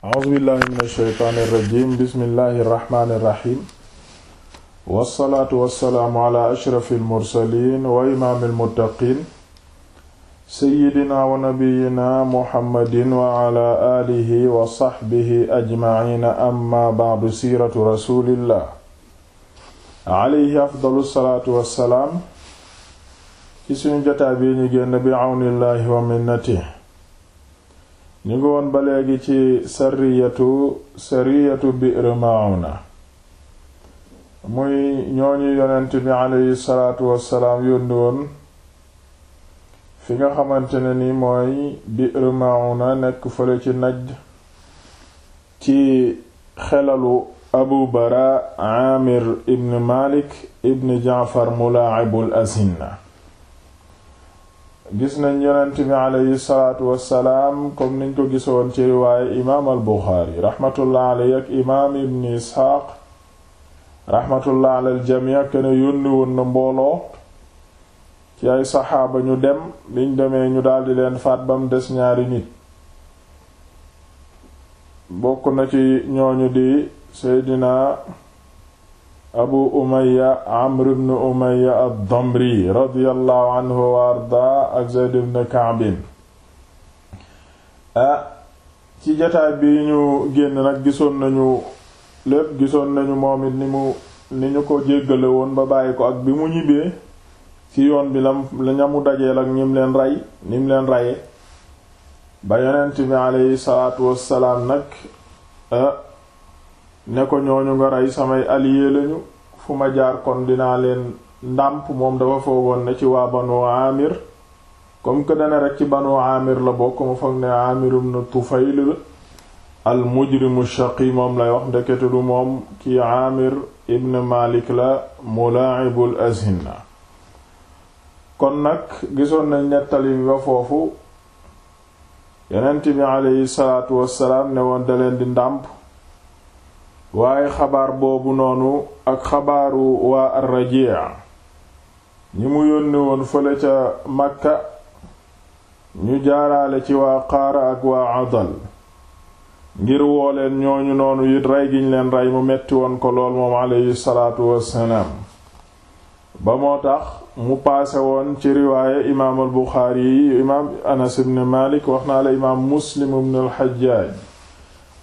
a'uuzu billahi min ashaytaani irrajim bismillahi irrahmaani irrahim wassalaatu wassalaamu ala ashrafi almursalin wa imaami almuttaqin seyidina wa nabiyina muhammadin wa ala alihi wa saxbihi ajmaciina amma bacdu siiratu rasulillah alayhi afdalu salaatu wassalaam ci suñu jotaa bi ñu génn bi awnillahi wa minnatihi ñu ngi woon ba léegi ci sariyatu sariyatu bi'r ma'una muy ñooñu yonent bi aleyhi salaatu wassalaam yónni woon fi nga xamante ne ni mooy bi'r ma'una nekk fo ci najd ci xelalu abu bara amir ibn malik ibn jaafar mulaa'ibul asinna gis nañ yonent bi aleyhi salaatu wassalaam comme niñ ko gisoon ci riwaaye imaam al buxaari raxmatullah aleyhi ak imaam ibn isxaaq raxmatullah alal jamii ak ne yónni woon na mbooloo ci ay saxaaba ñu dem biñ demee ñu daldi leen faat bam des ñaari nit bokk na ci ñooñu di seydina abu umaya amr ibn umaya ad-damri radiyallahu anhu wa arda ak zayd ibn kaabin ci jataay bi ñu génn nag gisoon nañu lépp gisoon nañu moom it ni mu ni ñu ko jéggale woon ba bàyyi ko ak bi mu ñibbee ci yoon bi lam ñamu dajeel ak ñim leen ray ñim leen reye ba yonent bi aleyhi salaatu wassalaam nag ne ko ñooñu nga rey samay alliés lañu fu ma jaar kon dinaa leen ndàmp moom dafa foogoon ne ci waa banu amir comme que dana rek ci banu amir la bokk ma foog ne amirum moom lay wax ndekete du moom ki amir ibn malik la mulaa'ibul azhinna kon nag gisoon nañ nettali bi ba foofu yonent bi aleyhi wassalaam ne woon da leen di ndàmp waaye xabaar boobu noonu ak xabaaru waa arrajiya ñi mu yónnee woon fële ca Makka ñu jaaraale ci waa Qaara ak waa Adal ngir woo leen ñooñu noonu it rey giñ leen rey mu metti woon ko lool moom aleyhi salaatu wassalaam ba moo tax mu paase woon ci riwaaye imaam al Buxaari yi imaam Anas ibn Malik wax naa la imaam Muslim ibn al Hajjaaj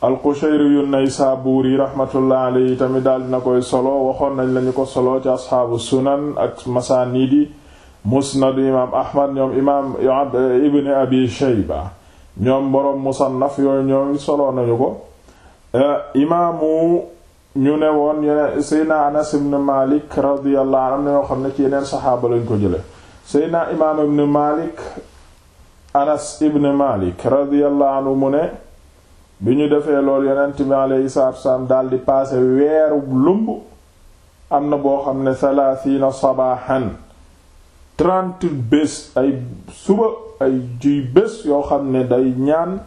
alqushayri yu naysaabuuri raxmatullahi alayhi tamit daal na koy solo waxoon nañ lañu ko solo ci asxaabu sunan ak masaaniidi musnad imaam ahmad ñoom imaam ibn abi shayba ñoom boroom musannaf yooyu ñoom solo nañu ko eh, imaamu ñu ne woon yeneen seydna anas ibn malik radiyallahu anhu am na lañ ko jële seydna bi ñu defee lool yonent bi alayhi salaatu wassalaam daldi paase weeru lumb am na boo xam ne salaasiina sabaaxan trente bés ay suba ay juy bés yoo xam ne day ñaan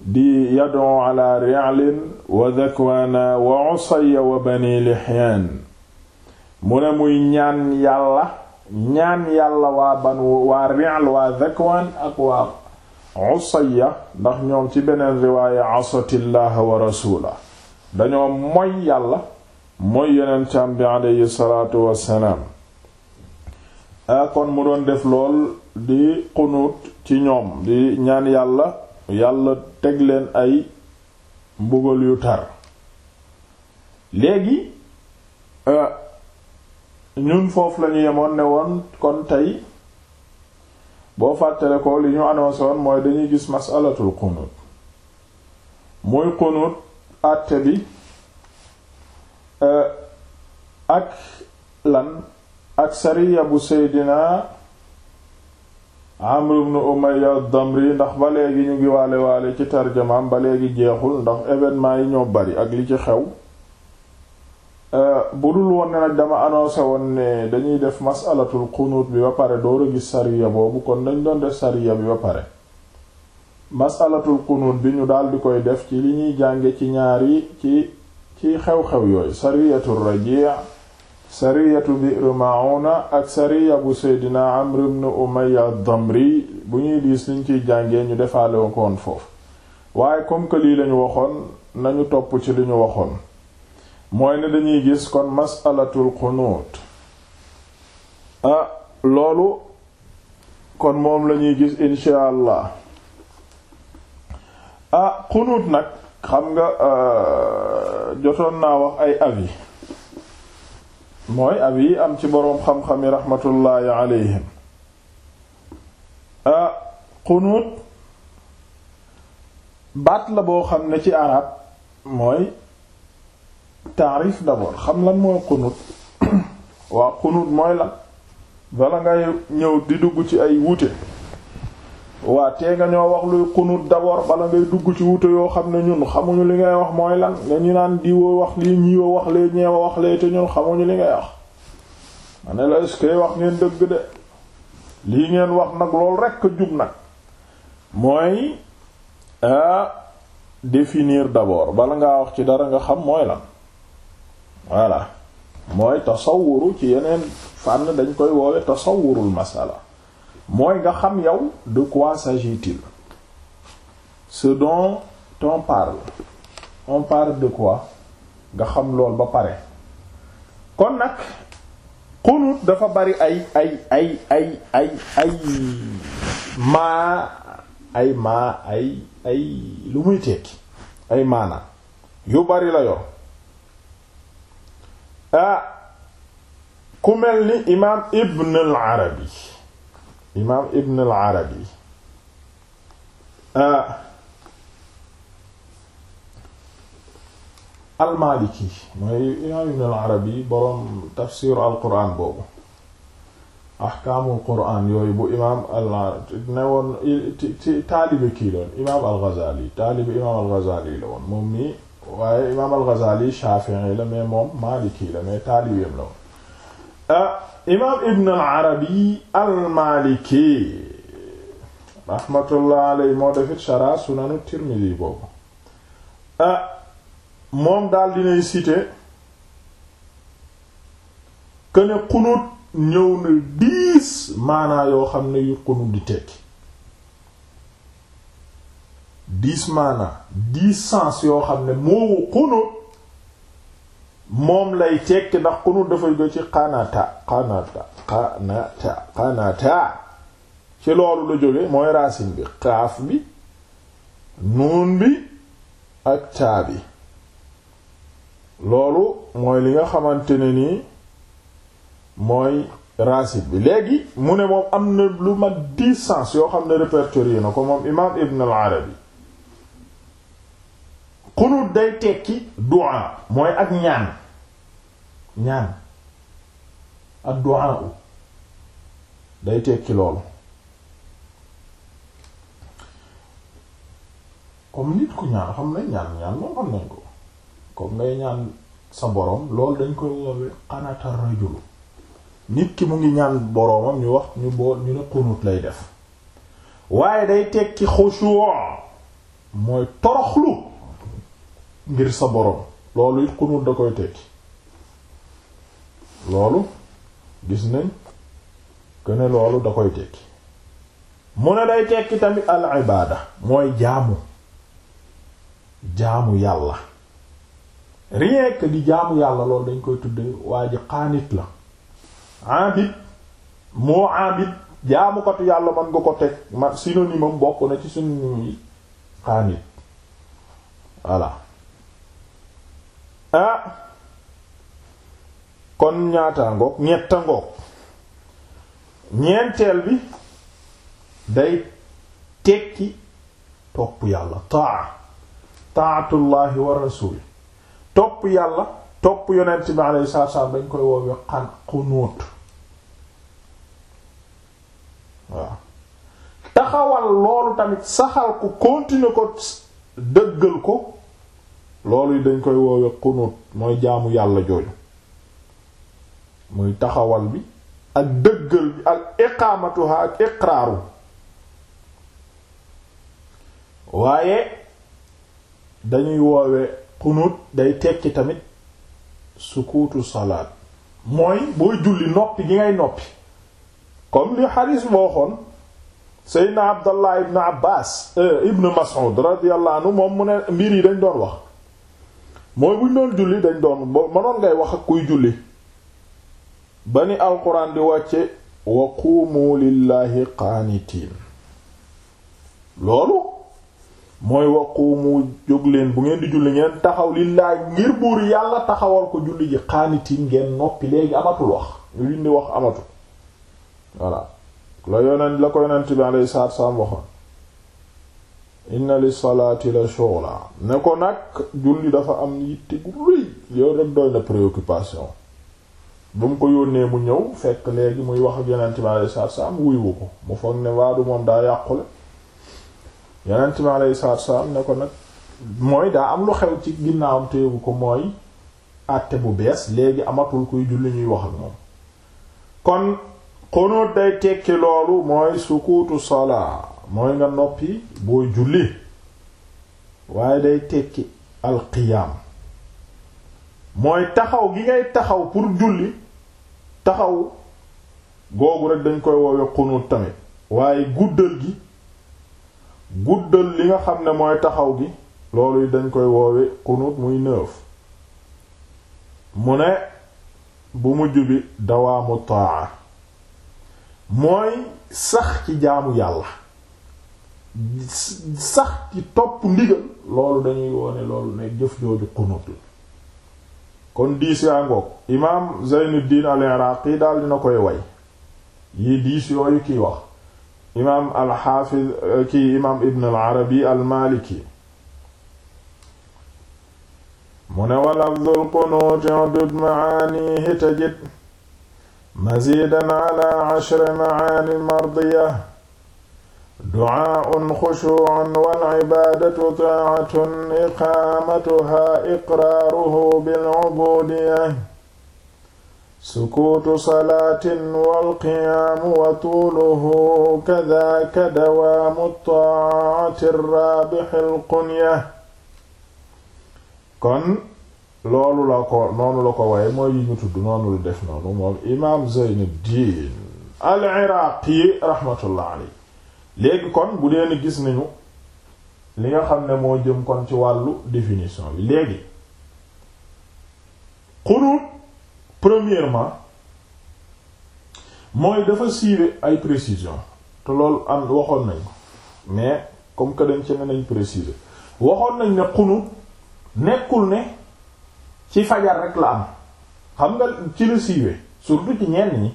di yad'u ala ri'lin wa dhakwana wa usayya wa bani lihyan mu ne muy ñaan yàlla ñaan yàlla waa ban waa ri'l waa dhakwan ak waa usayya ndax ñoom ci beneen riwaaya asatillaha wa rasula dañoo moy yàlla mooy yonentam bi aleyhi salaatu wassalaam kon mu doon def lool di xunuut ci ñoom di ñaan yàlla yàlla teg leen ay mbugal yu tar léegi ñun foofu lañu yemoon ne woon kon tey boo fàttale ko li ñu annoncé woon mooy dañuy gis masalatul qunut muy qunut àtte bi euh, ak lan ak sariya bu seydina Amr ibn Umayya ad-Damri ndax ba léegi ñu ngi waale waale ci tarjamaam ba léegi jeexul ndax événement yi ñoo bari ak li ci xew Euh, bu dul woon ne nag dama annoncé woon ne dañuy def masalatul xunuut bi ba pare door a gis sariya boobu kon dañ doon def sariya bi ba pare masalatul xunuut bi ñu daal di koy def ci li ñuy jànge ci ñaari ci ci xew-xew yooyu sariyatu raji' sariyatu bi'r ma'una ak sariya bu seydina amr ibn umayya damri bu ñuy diis liñ ciy jàngee ñu defaale ko foofu waaye comme que yi lañu waxoon nañu topp ci li ñu waxoon mooy ne dañuy gis kon masalatul xunuut loolu kon moom lañuy gis insha allah a xunuut nag xam nga euh, jotoon naa wax ay avis mooy avis yi am ci boroom xam-xami raxmatullaahi alayhim ah xunuut baat la boo xam ne ci arab mooy taarif d'abord xam lan mooy xunut waa xunut mooy lan bala ngay ñëw di dugg ci ay wuute waa tee nga ñoo wax luy xunut d'abord bala ngay dugg ci wuute yoo xam ne ñun xamuñu li ngay wax mooy lan nga ñu naan diwoo wax lii ñiiwoo wax lee ñeewa wax lee te ñun xamuñu li ngay wax ma ne la wax ngeen dëgg de lii ngeen wax nag loolu rekk a jub nag mooy a ah, définir d'abord bala ngaa wax ci dara nga xam mooy lan voilà mooy tasawuru ci yeneen fànn dañ koy woowe tasawurul masala mooy nga xam yow de quoi s'agit-il ce dont on parle on parle de quoi nga xam lool ba pare kon nag xunut dafa bari ay ay ay ay ay ay maa ay maa ay ay lu muy tekki ay maana yu bari la yor ah ku mel ni imaam Ibn al Arabi imaam Ibn al Arabi al Maliki mooy Ibn al Arabi boroom tafsiru al Qur'an boobu ahkaamul Qur'an yooyu bu imaam al ne woon ci taalibe kii al Ghazali taalibe imaam al Ghazali la woon waaye imaam al-Ghazali Shafi'i la mais moom Maliki la mais taalibeem la woon ah, imaam Ibn al-Arabi al-Maliki rahmatullah alayhi moo defit shara sunanu Tirmidhi boobu ah, moom daal dinay citer que ne ñëw na diis maanaa yoo xam ne yu xunut di tekki dix maana dix sens yoo xam ne moowu xunut moom lay tekki ndax xunut dafay go ci xanata xanata xanata ci loolu la jóge mooy racine bi kaaf bi nuun bi ak taa bi loolu mooy li nga xamante ne nii mooy racine bi léegi mu ne moom am na lu ma dix sens yoo xam ne répertorié na ko moom imaam Ibn al-Arabi xunut day tekki du'a mooy ak ñaan ñaan ak du'a u day tekki loolu comme nit ku ñaan xam nañ ñaan ñaan moom xam nañ ko comme ngay ñaan sa boroom loolu dañ koy woowe qanatar rajulu nit ki mu ngi ñaan boroomam ñu wax ñu bool ñu ne qunut lay def waaye day tekki xushu' mooy toroxlu ngir sa boroom loolu it xunut da koy tekki loolu gis nañ que ne loolu da koy tekki mu ne day tekki tamit al ibaada mooy jaamu jaamu yàlla rien di jaamu yàlla loolu dañ koy tudde waa ji xaanit la abid moo abid jaamukatu yàlla mën nga ko teg ma synonyme am bokk na ci suñu yi xaanit voilà ah kon ñaata ngoog ñetta ngoog ñeenteel bi day tekki topp yàlla taa taatullahi wa rasuli topp yàlla topp yonent bi alayhi saa salaam dañ koy woowe xan xunuut waaw taxawal loolu tamit saxal ko continuer ko dëggal ko loolu dañ koy woowe qunut mooy jaamu yàlla jooju muy taxawal bi ak dëggal bi ak iqaamatuha ak iqraaru waaye dañuy woowe qunut day tekki tamit sukuutu salaat mooy booy julli noppi gi ngay noppi kon li xaris boo xoon seydna abdallah ibn abbas euh, ibn mas'ud radiyallahu anhu moom mu ne mbir yi dañ doon wax mooy buñ doon julli dañ doon boo mënoon ngay wax ak kuy julli ba ni alquran di wàcce wa quumu lillahi qaanitiin loolu mooy wa quumu leen bu ngeen di julli ngeen taxaw lillahi ngir buur yàlla taxawal ko julli ji qaanitiin ngeen noppi léegi amatul wax ñu lindi wax amatu voilà la yonent la ko yonent bi alayhi salaatu wa salaam inna li salaati la shola ne ko nag julli dafa am yitte gu rëy yow rek doy na préoccupation ba mu ko yónnee mu ñëw fekk léegi muy wax ak yonent bi alayhi salaatu salaam wuyu ko mu foog ne waadu moom daa yàqule yonent bi alayhi salaatu salaam ne ko nag mooy daa am lu xew ci ginnaawam téegu ko mooy àtte bu bees léegi amatul kuy julli ñuy wax ak moom kon xonóot day tekki loolu mooy sukuutu salaa mooy nga noppi booy julli waaye day tekki alqiyaam mooy taxaw gi ngay taxaw pour julli taxaw googu rek dañ koy woowe xunuut tamit waaye guddal gi guddal li nga xam ne mooy taxaw gi loolu yi dañ koy woowe xunuut muy neuf mu ne bu mujj bi dawaamu taa mooy sax ci jaamu yàlla sax ci topp ndigal loolu dañuy wone loolu ne jëf jooju xunut kon diis yaa imaam Zaynuddin al-Iraqi daal dina koy way yii diis yooyu kiy imaam al-Hafiz kii imaam Ibn al-Arabi al-Maliki mu ne walafdul qunuuti udud maanihi tajid mazidan ala maani mardiya ducaa'un xushuucun wal cibaadatu taacatun iqaamatuhaa iqraaruhu bilcubuudiyya sukuutu salaatin walqiyaamu wa tuuluhu kadaaka dawaamu taacati raabixil qunya kon loolu la ko noonu la ko waaye mooy yi ñu tudd noonu la def noonu moom imaam Zaynuddiin al-Iraaqi raxmatullahi alayhi léegi kon bu dee ni gis nañu li nga xam ne moo jëm kon ci wàllu définition bi léegi xunuut premièrement mooy dafa siiwe ay précision te loolu am waxoon nañ mais comme que dañ ci ne nañ préciser waxoon nañ ne xunuut nekkul ne ci fajar rek la am xam nga ci la siiwe surtout ci ñenn ñi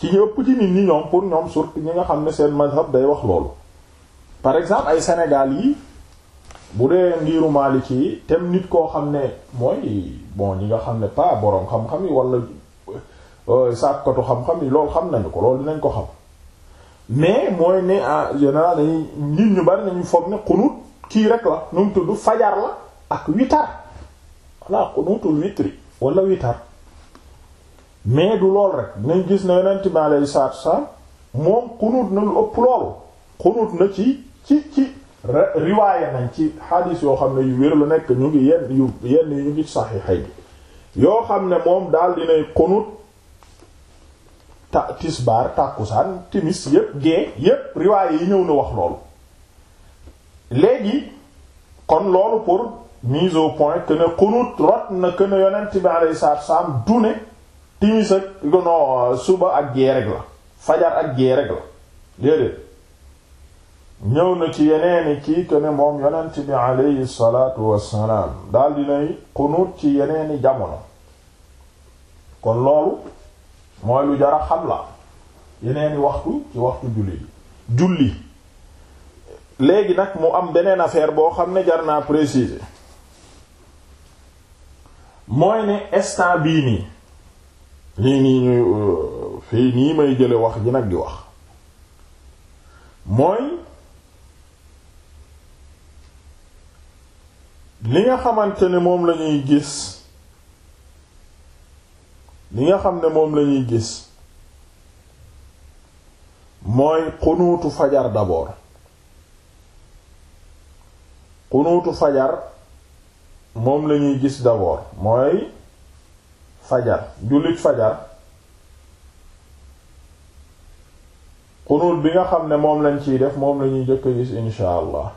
ci ñëpp ci nit ñi ñoom pour ñoom surtout ñi nga xam ne seen mazhab day wax loolu par exemple ay Sénégal yi bu dee ngiru Maliki ci tem nit koo xam ne mooy bon ñi nga xam ne pas boroom xam-xam yi wala euh, sàkkatu xam-xam yi lool xam nañu ko loolu dinañ ko xam mais mooy ne en général dañuy nit ñu bari nañu foog ne xunut kii rek la nu mu tudd fajar la ak witar walla xunutul witri wala witar mais du loolu rek nañ gis ne yonent bi alayhi salaatu wasalaam moom xunuut na lu ëpp loolu xunuut na ci ci ci riwaaya nañ ci xadiis yoo xam ne yu wér la nekk ñu ngi yenn yu yenn yu ñu ngi saxiixay bi yoo xam ne moom daal dinay xunuut ta tisbaar tàkkusaan timis yépp gee yépp riwaaya yi ñëw na wax loolu léegi kon loolu pour mise au point que ne xunuut rot na que yonent bi alayhi salaatu wasalaam du ne timis ak gono suba ak gee rek la fajar ak gee rek la déedéet ñëw na ci yeneeni kii ko ne moom yonent bi aleyhi salaatu wassalaam dal dinay xunuut ci yeneeni jamono kon loolu mooy lu jara xam la yeneeni waxtu ci waxtu julli julli léegi nag mu am beneen affaire boo xam ne jar naa préciser mooy ne instant bii nii nii ñuy euh, fii nii may jële wax ji nag di wax mooy li nga xamante ne moom lañuy gis li nga xam ne moom lañuy gis mooy xunuutu fajar d'abord xunuutu fajar moom lañuy gis d'abord mooy fajar jullit fajar xunuut bi nga xam ne moom lañ ciy def moom lañuy jëkk a gis insha allah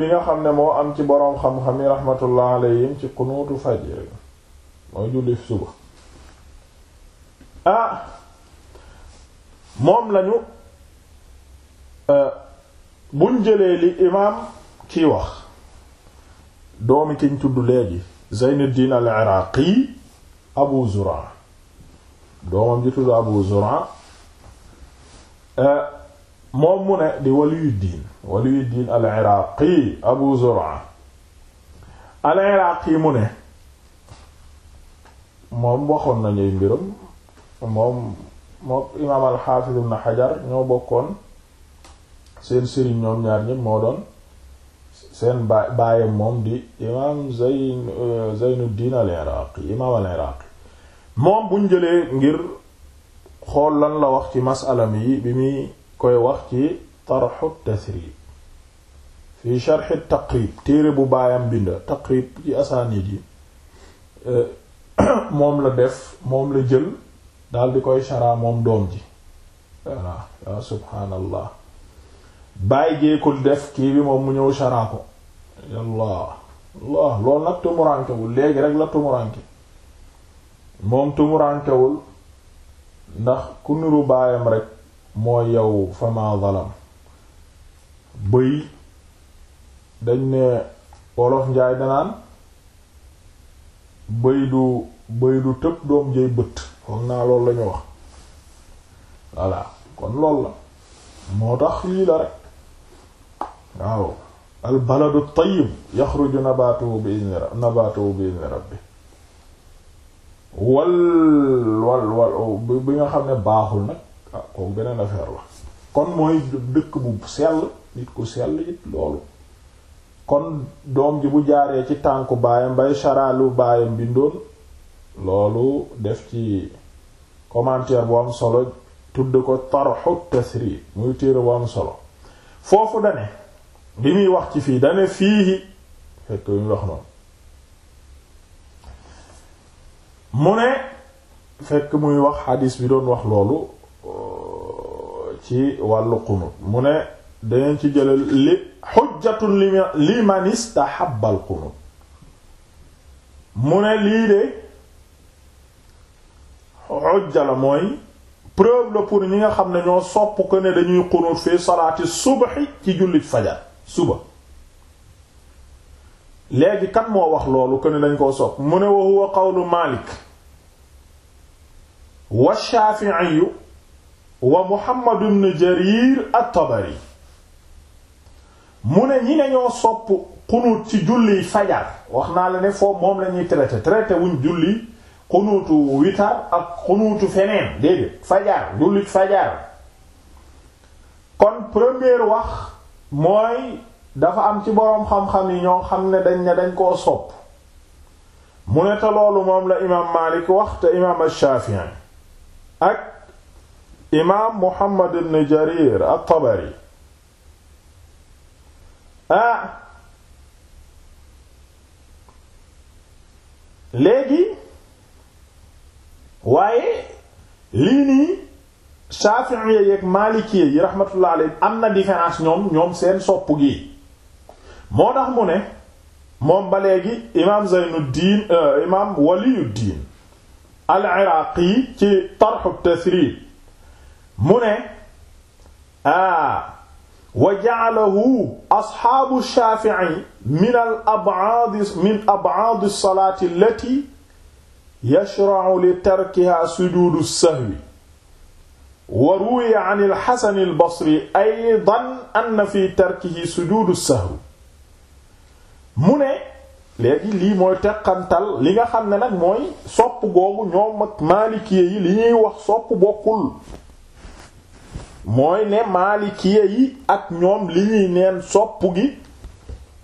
bi nga xam ne moo am ci boroom xam-xam yi raxmatullah alayhim ci xunuutu fajr mooy julli suba ah moom lañu euh, buñ jëlee li imaam kiy wax doomi kiñ tudd léegi Zeynuddin al-Iraqi Abu Zur'a doomam ji tudd Abu Zur'a eh, moom mu ne di Waliyuddin Waliyuddin al-Iraqi Abu Zur'a al-Iraqi mu ne moom waxoon nañuy mbiram moom moom imaam al-Hafiz ibn Hajar ñoo bokkoon seen sëriñ ñoom ñaar ñépp moo doon seen baay baayam moom di imaam Zayn euh, Zaynuddin al-Iraqi imaam al-Iraqi moom bu jëlee ngir xool lan la wax ci masala mi bi muy koy wax ci tarxu tasrib fi sharxi taqrib téere bu baayam bind taqrib ci asaanid yi euh, moom la def moom la jël daal di koy sharaa moom doom ji voilà bàyyi jeekul def kii bi moom mu ñëw sharaa ko yàlla nag tumurankewul léegi rek la tumuranke moom tumurankewul ndax ku niru baayam rek mooy yow fama zalam bëy dañ ne wolof njaay danaan bëy du bëy du tëb doom jëy bët foog naa loolu lañu wax voilà kon loolu la moo tax lii la rek waaw al baladu tayyib yaxruju nabaatuhu bi izni nabaatuhu bi izni rabbi wal wal wal bi nga xam ne baaxul nag ah kooku beneen affaire la kon mooy dëkk bu sell nit ku sell it loolu kon doom ji bu jaaree ci tànku baayam bay sharalu baayam bindoon loolu def ci commentaire bu am solo tudd ko tarxu tasri muy téere bu am solo foofu dane bi muy wax ci fii dane fii fekk bi muy wax noonu mu ne fekk muy wax xadiis bi doon wax loolu euh, ci wàllu qunut mu ne danañ ci jële li xujjatun liman istahabba al qunut mu ne lii de xujja la mooy preuve la pour ñi nga xam ne ñoo sopp ko ne dañuy qunut fii salaati subhi ci jullit fajar suba léegi kan moo wax loolu ko ne dañ koo sopp mu ne wa huwa qawlu Maalik wa Shaafi'i wa Muhammad ibn Jarir at-Tabari mu ne ñi ne ñoo sopp xunuut ci julliy fajar wax naa la ne foofu moom lañuy ñuy traité traité wuñ julli xunuutu witar ak xunuutu feneen déedéet fajar jullit fajar kon première wax mooy dafa am ci boroom xam-xam yi ñoo xam ne dañ ne dañ koo sopp mu ne te loolu moom la imaam Maalik wax te imaam Shaafi'i ak imaam Muhammad ibn Jarir at-Tabari ah léegi waaye lii nii Shafi'i yeeg Maliki yi rahmatullah alayhi am na différence ñoom ñoom seen sopp gi moo tax mu ne moom ba léegi imaam Zaynuddin euh, imaam Waliyuddin al-Iraqi ci Tarhu Tasrib mu ne ah wa ja'alahu asxaabu Shafi'i min al-ab'ad min ab'ad as-salati allati yashra'u li tarkiha sujudu as-sahwi wa ruwiya an al-Hasan al-Basri aydan anna fi tarkihi sujuudu sahwi mu ne léegi lii mooy teqantal li nga xam ne nag mooy sopp googu ñoom ak maalikiye yi li ñuy wax sopp bokkul mooy ne maalikiye yi ak ñoom li ñuy neen sopp gi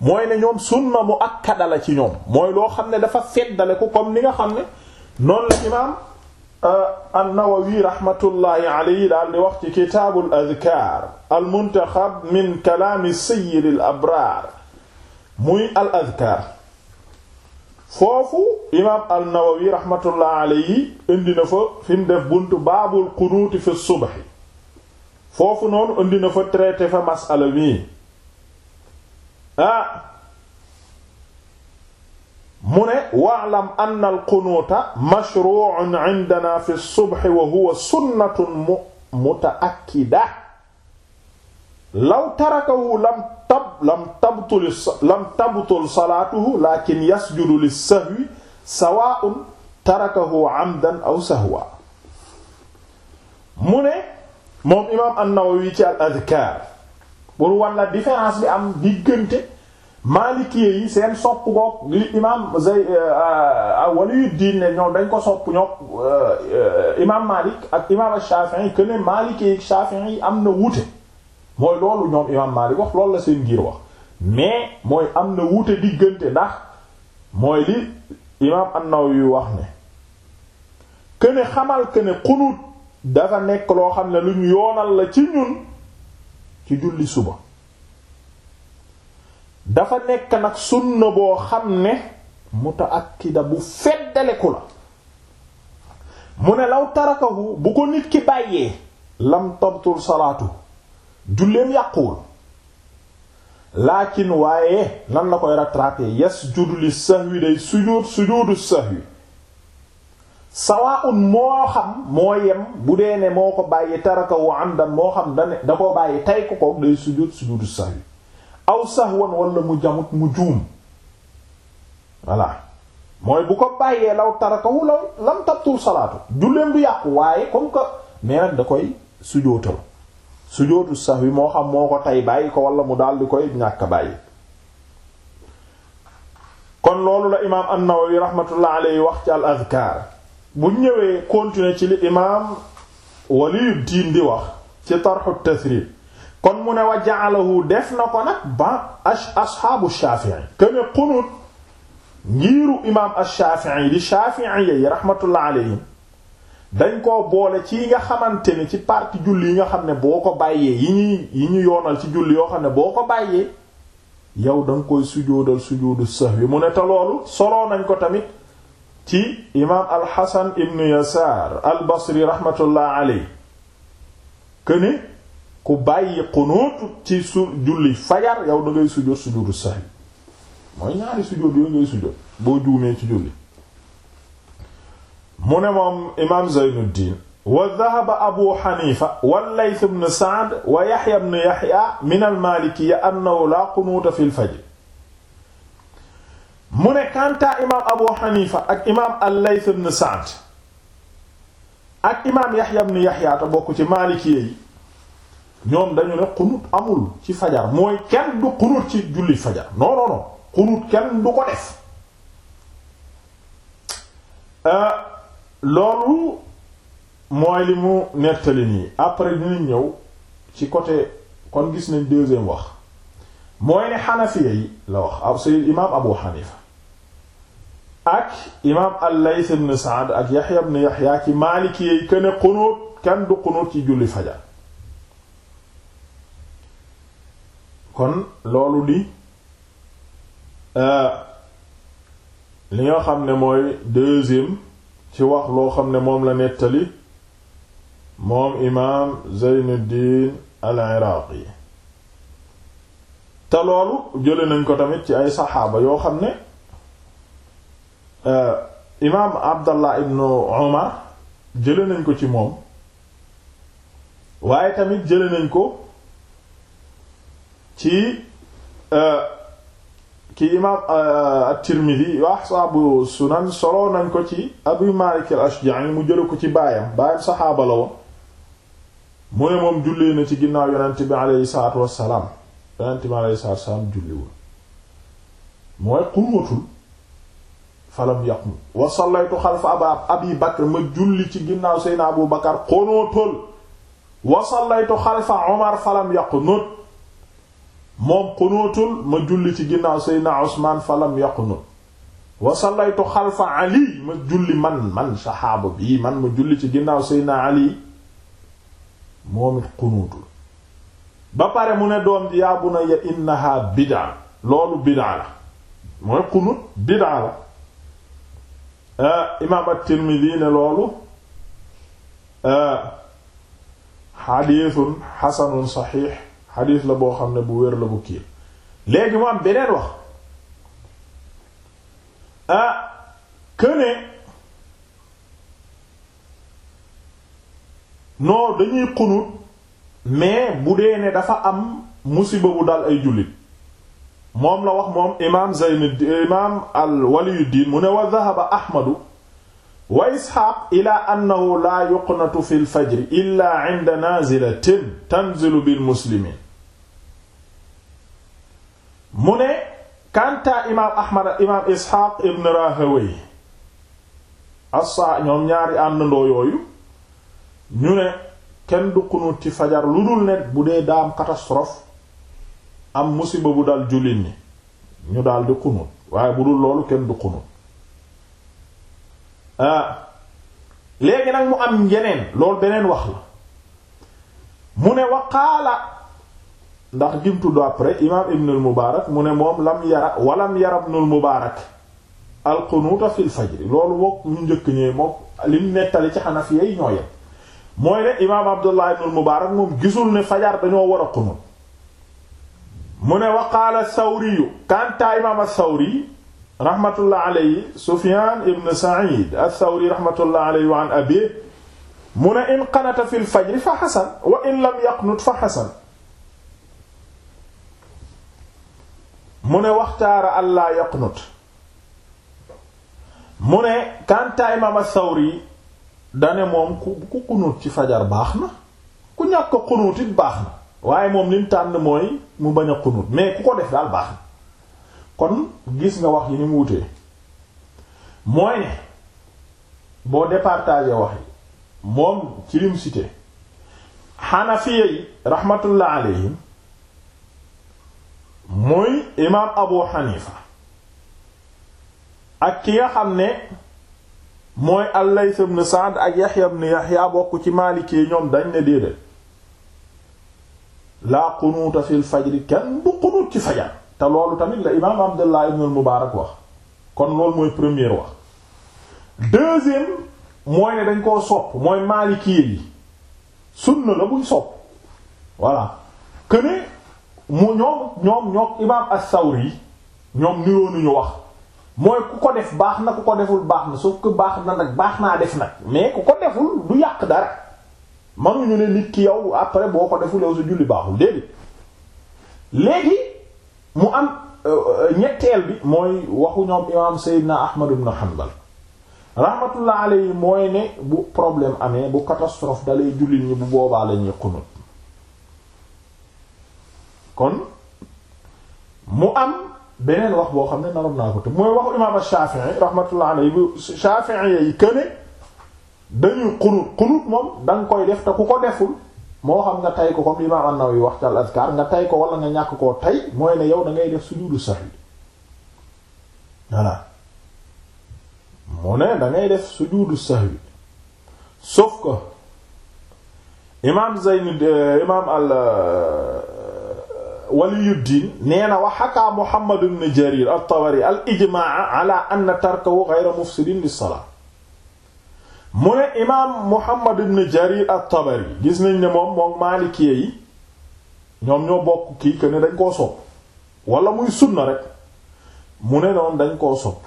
mooy ne ñoom sunna mu akkada la ci ñoom mooy loo xam ne dafa feddale ko comme li nga xam ne noonu la imaam Euh, an-Nawawi rahmatullahi alayhi daal di wax ci kitaabul adkaar al-muntaxab min kalaami sayyidil abraar muy al adkaar foofu imaam an-Nawawi rahmatullahi alayhi indi na fa fi mu def buntu baabul qunuuti fi subhi foofu noonu indi na fa traité fa masala mi ah. mu ne waalam ann alqunuuta mashruun indana fi subxi wa huwa sunnatun mutaakkida law tarakahu lam tab lam tabtul lam tabtul salaatuhu lakin yasjudu lissahwi sawaa'un tarakahu amdan aw sahwa mu ne moom imaam an-Nawawi ci al adkaar pour walla différence bi am diggante maalikee yi seen sopp goog li imam zay euh, euh, waliyuddin ne ñoom dañ ko sopp ñoom euh, imam malik ak imam shafi'i que ne maalikee yi shafi'i yi am na wuute mooy loolu ñoom imam malik wax loolu la seen ngir wax mais mooy am na wuute diggante ndax mooy li imam an-Nawawi wax ne que xamal que ne dafa nekk loo xam ne lu ñu yoonal la ci ñun ci julli suba dafa nekk nag sunna boo xam ne mu ta mutaakkida bu feddaleku la mu ne law tarakahu bu ko nit ki bàyyee lam tabtul salaatu julleem yàquwul laakin waaye lan la koy rattraper yasjudu li sahwi day sujuud sujuudu sahwi sawaa'un moo xam moo yem bu dee ne moo ko bàyyi tarakahu amdan moo xam da ne da ko bàyyi tay ko ko day sujuud sujuudu sahwi aw sahwan wala mu jamut mu juum voilà mooy bu ko bàyyee law tarakahu law lam tabtul salaatu julleem du yàqu waaye comme que mais nag da koy sujootal sujootu sax wi moo xam moo ko tey bàyyi ko wala mu daal di koy ñàkk bàyyi kon loolu la imaam an-Nawawi wax ci al azkar bu ñëwee continuer ci li imaam Waliyuddin di wax ci tarxu tasrib kon mu ne wa ja'alahu def na ko nag ba asxaabu Shafi'i kene qunut ngiiru imaam ash-Shafi'i di Shafi'i yi rahmatullah alayhi dañ ko boole ci yi nga xamante ne ci partie julli yi nga xam ne boo ko bàyyee yi ñuy yi ñu yoonal ci julli yoo xam ne boo ko bàyyee yow da nga koy sujoodal sujoodu sahwi mu ne toloolu loolu nañ ko tamit ci imaam al-Hasan ibn Yasaar al-Basri rahmatullah alayhi kene ku bàyyi xunuut ci su julli fajar yow da ngay sujjóot sujjóotu sahwi mooy ñaari sujjóot yooyu ngay sujjóot boo juumee ci julli mu ne moom imaam Zaynuddin wa dhahaba abu xanifa wa yaxya ibn yaxya min almalikiya annahu laa qunuuta fi imaam abu xanifa ak imaam allayth ibn saad ak imaam yaxya ibn yaxya te bokk ci malikiya yi ñoom dañu ne xunut amul ci fajar mooy kenn du xunut ci julli fajar non non non xunut kenn du ko def euh, loolu mooy li mu nettali nii après dinañ ñëw ci côté kon gis nañ deuxième wax mooy ne xanafiya yi la wax ab ah, sayyid imaam abu xanifa ak imaam al-layth ibn sa'd ak yaxya ibn yaxya ci maaliki yi kenn xunut kenn du xunut ci julli fajar kon loolu di euh, li nga xam ne mooy deuxième ci wax loo xam ne moom la nettali moom imaam Zeynuddin al-Iraqi te loolu jële nañ ko tamit ci ay saxaaba yoo xam ne euh, imaam Abdallah ibn Umar jële nañ ko ci moom waaye tamit jële nañ ko ci euh, ki imaam euh, at-Tirmidhi wa ashaabu sunan solo nañ ko ci Abu Malik al mu jël ko ci baayam baayam saxaaba la woon mu ne moom jullee na ci ginnaaw yonent bi alayhi salaatu wassalaam yonent bi alayhi salaatu wassalaam julliwul mooy qunnatul falam yaqum wa sallaytu xalfa abi bakr ma julli ci ginnaaw seyna Abu Bakar qunnatul wa xalfa Umar falam yaqunut moom xunuutul ma julli ci ginnaaw seydna Usmaan falam yaqnut wa sallaytu xalfa Ali ma julli man man saxaaba bii man ma julli ci ginnaaw seydna Ali moom it xunuutul ba pare mu ne doom ji yaa bunayya innaha bid'a loolu bid'a la mooy xunut bid'a la eh, imaam at-Tirmidhi ne loolu eh, xadiisun xasanun saxiix xadiis la boo xam ne bu wér la bu léegi mu am beneen wax ah këne non dañuy xunut mais bu dee ne dafa am musiba bu dal ay jullit moom la wax moom imaam Zayn imaam al waliyuddin mu ne wa dhahaba ahmadu wa isxaaq ila annahu laa yuqnatu fi lfajri illa inda nazilatin tanzilu bil muslimin mu ne kanta imaam ahmad imaam isxaaq ibn rahawey assa ñoom ñaari àndandoo yooyu ñu ne kenn du xunut ci fajar lu dul ne bu dee daam catastrophe am musiba bu dal jullit ñi ñu daal di xunut waaye bu dul loolu kenn du xunut ah, léegi nag mu am yeneen lool beneen wax la mu ne waqaala ndax dim tudd après imaam ibnul mubaarak mu ne moom lam yara walam yara ibnul mubaarak al qunuuta fil loolu mook ñu njëkk ñee moom lim nettali ci xanaf yeey ñoo mooy ne imaam abdullah ibnul mubaarak moom gisul ne fajar dañoo war a qunut mu ne wa qaala sawriyu kantaa imaam as-sawri rahmatullah alayhi sufyaan ibn sa'id as rahmatullah alayhi wa an abi mu ne in qanata fil fajri fa xasan wa in lam yaqnut fa xasan mu ne waxtaara allah yaqnut mu ne kàntaa imaam as-Sawri dane moom ku ku xunut ci fajar baax na ku ñàkk a baax na waaye moom lim tànn mooy mu bañ a xunut mais ku ko def daal baax na kon gis nga wax yi ni mu wutee mooy ne boo départagé wax yi moom ci lim cité xanafiya yi rahmatullah alayhim muy imaam abu xanifa ak ki nga xam ne mooy al-Layth ibn ak yaxya ibn yaxya bokk ci maalikee ñoom dañ ne déedéet laa qunuuta fil fajri kenn bu qunuut ci fajar te loolu tamit la imaam abdullah ibn al-Mubaarak wax kon loolu mooy première wax deuxième mooy ne dañ koo sopp mooy maalikee yi sunna la buñ sopp voilà que mu ñoom ñoom ñoom imaam as-Sawri ñoom ñu wax mooy ku ko def baax na ku ko deful baax na sauf que baax na nag baax naa def nag mais ku ko deful du yàq dara ñu ne nit ki yow après boo ko deful yow sa julli baaxul déedéet léegi mu am euh, euh, ñetteel bi mooy waxu ñoom imaam Seydina Ahmad na Hanbal rahmatullah alayhi mooy ne bu problème amee bu catastrophe dalay jullit ñi bu boobaa lañuy xunut kon mu am beneen wax boo xam ne naroon naa ko te mooy waxu imaam Shafi'i rahmatullah alayhi bu Shafi'i yi këne dañuy qunut da nga def te ku ko deful moo xam nga tay ko comme imaam an wax ca al nga tay ko wala nga ñàkk koo tay mooy yow da ngay def sujudu sahwi voilà mu ne da ngay imaam al waliyuddin nee na wa xakaa Muhammad ibn Jarir at-Tabari al ijmaa a anna tarkahu ghayra mufsidin lis-salaa mu ne imaam Muhammad ibn Jarir at-Tabari gis nañ ne moom moom maalikee yi ñoom ñoo bokk kii que dañ koo sopp wala muy sunna rek mu ne noonu dañ koo sopp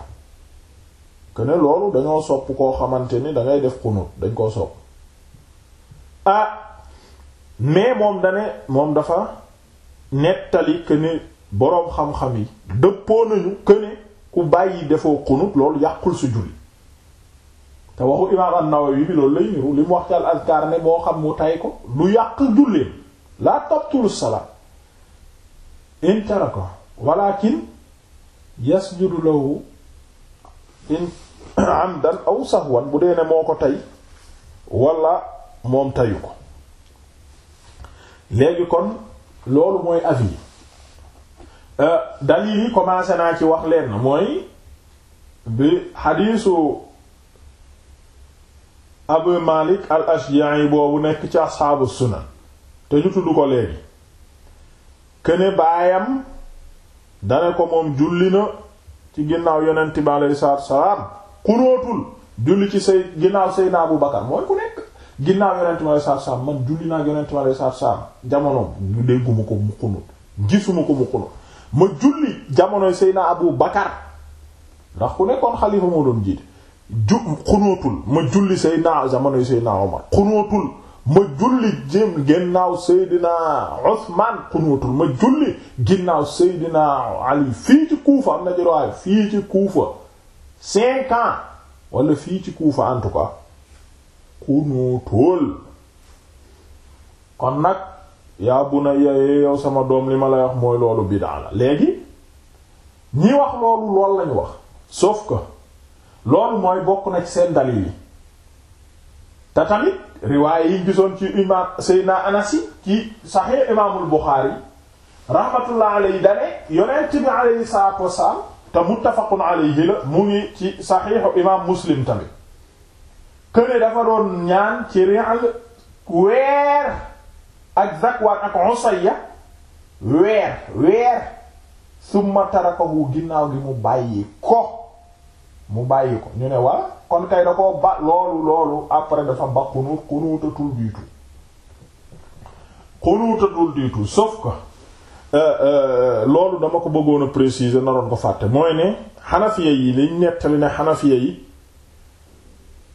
que loolu dañoo sopp koo xamante ni dangay def xunut dañ koo sopp ah mais moom dane moom dafa nettali que ne boroom xam-xam yi dëppoo nañu que ku bàyyi defoo xunut loolu yàqul su julli te waxu imaam an-Nawawi bi loolu lay niru li mu wax ci al ne moo xam mu tay ko du yàq julleem laa tabtulu salaat in taraka walakin yasjudu lahu in amdan aw sahwan bu dee ne moo ko tay wala moom tayu ko léegi kon loolu mooy avis yi euh, dalil yi commencé naa ci wax leen mooy bi xadiisu Abu Malik al Ashja'i boobu nekk ci asxaabu sunan te ñu tudd ko léegi këne baayam dane ko moom julli na ci ginnaaw yonent bi aleyhi salaatu wa salaam julli ci say ginnaaw Seydina Abu Bakar mooy ku nekk ginnaaw yonent ma lay saab saab man julli naa yonent ma lay saab saab jamono mu dégguma ko mu xunut gisuma ko mu xunut ma julli jamonoy Seydina Abu Bakar ndax ku nekkoon xalifa moo doon jiite ju xunóotul ma julli Seydina jamonoy Seydina Omar xunóotul ma julli jëm ginnaaw ma julli ginnaaw Seydina Ali fii ci Kuufa am na jël waaye fii ci Kuufa cinq ans wala fii ci Kuufa en tout cas xunuutul kon nag yaa bu na yee yow sama doom li ma lay wax mooy loolu bidaa la léegi ñi wax loolu loolu lañu wax soof ko loolu mooy bokk na ci seen dalil yi te tamit riwaaye yi gisoon ci imaam Seydina Anas ci Sahih imaamul Buxaari rahmatullah da dane yonent bi alayhi salaatu wasalaam te muttafaqun alayhi la mu ngi ci Sahih imaam Muslim tamit këne dafa doon ñaan ci Ri'l weer ak Zakwaan ak Usayya weer weer summa tarakahu ginnaaw gi mu bàyyi ko mu bàyyi ko ñu ne waa kon kay da ko ba loolu loolu après dafa ba xunuut xunuutatul du tout xunuutatul du tout sauf euh, euh, loolu dama ko bëggoon a préciser naroon ko fàtte mooy ne xanafiya yi liñ nettali ne xanafiya yi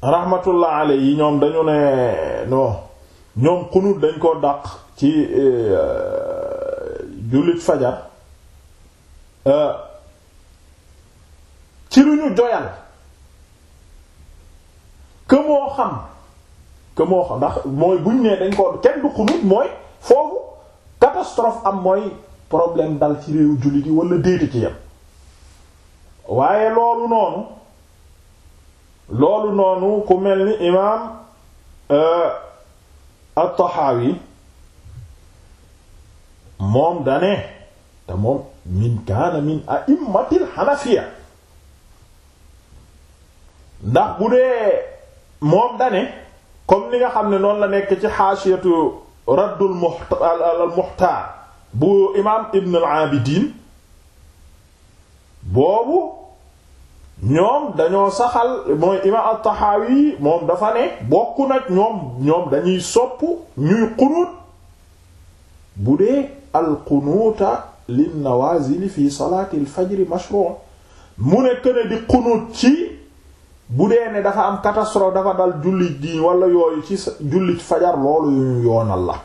rahmatullah alayhi ñoom dañu ne non ñoom xunut dañ ko dàq ci eh, jullit fajar eh, ci lu ñu joyal que moo xam que moo xam ndax mooy buñ ne dañ ko kenn du xunut mooy foofu catastrophe am mooy problème dal ci réew jullit yi wala déedéet ci yam waaye loolu noonu loolu noonu ku mel ni imaam euh, at-Tahawi moom dane te moom min kaana min a'immatil hanafiya ndax bu dee moom dane comme ni nga xam ne noonu la nekk ci xaasiyatu raddul muxtaar bu imaam ibn al-Abidin boobu ñoom dañoo saxal mooy imaam at moom dafa ne bokk nag ñoom ñoom dañuy sopp ñuy xunuut bu dee al-qunuuta lin-nawaazil fi salaati al-fajr mu ne këne di xunuut ci bu dee ne dafa am catastrophe dafa dal jullit ji wala yooyu ci jullit fajar loolu yu ñu yoonal la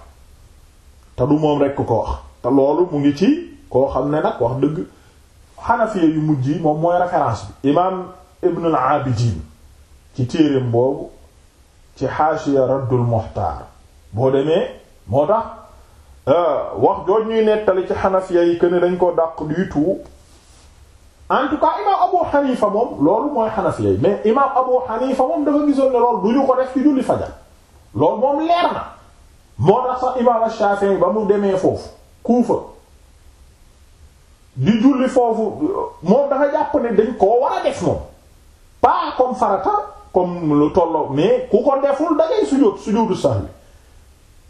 te du moom rekk ko wax te loolu mu ngi ci koo xam ne nag wax dëgg xanafiya yu mujj yi moom mooy référence bi imaam ibn al-Abidin ci téereem boobu ci xaashiya raddul muxtaar boo demee moo tax euh, wax jooj ñuy nettali ci xanafiya yi këne dañ ko dàq du tout en tout imaam Abu Xanifa moom loolu mooy xanafiya yi mais imaam Abu Xanifa moom dafa gisoon ne loolu du ñu ko def ci julli fajar loolu moom leer na moo tax sax imaam Shaafi'i ba mu demee foofu Kuufa di julli foofu moom dafa jàpp ne dañ koo war a def moom pas comme farata comme lu tolloo mais ku ko deful da ngay sujjóot sujjóotu sahwi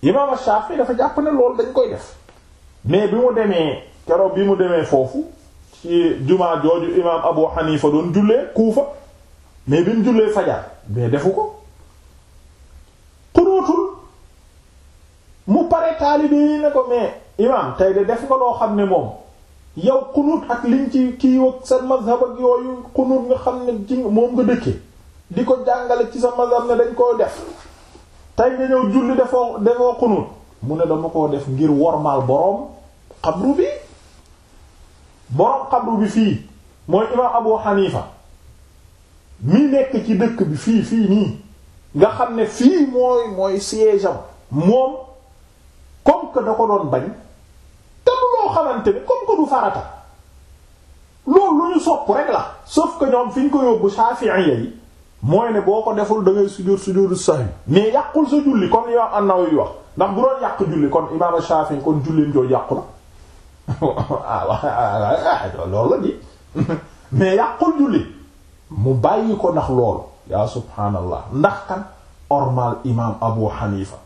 imaam Shafi dafa jàpp ne loolu dañ koy def mais bi mu demee keroog bi mu demee foofu ci jumaa jooju imaam Abu Hanifa doon jullee Kuufa mais bi mu jullee fajar mais defu ko xunuutul mu pare taalibe yi ne ko mais imaam tey de def nga loo xam ne moom. yow xunut ak liñ ci kii ak sa mazhab ak yooyu xunut nga xam ne ci moom nga dëkke di ko jàngale ci sa mazhab ne dañ koo def tey nga ñëw julli defoo defoo xunut mu ne dama koo def ngir wormaal boroom xabru bi boroom xabru bi fii mooy imaam Abu Hanifa mi nekk ci dëkk bi fii fii nii nga xam ne fii mooy mooy siège moom comme que da ko doon bañ te loo xamante ni comme ko du farata loolu lu ñu sopp rek la sauf que ñoom fi ko yóbbu Shafi'i yi mooy ne boo ko deful da ngay sujjóot sujjóotu sahwi mais yàqul sa julli comme kon Imaam Shafi'i kon julleen jooju yàqu na ah, ah, ah, loolu la di mais yàqul julli mu bàyyi ko ndax loolu yaa subhaanallah ndax kan ormal Imaam Abu Hanifa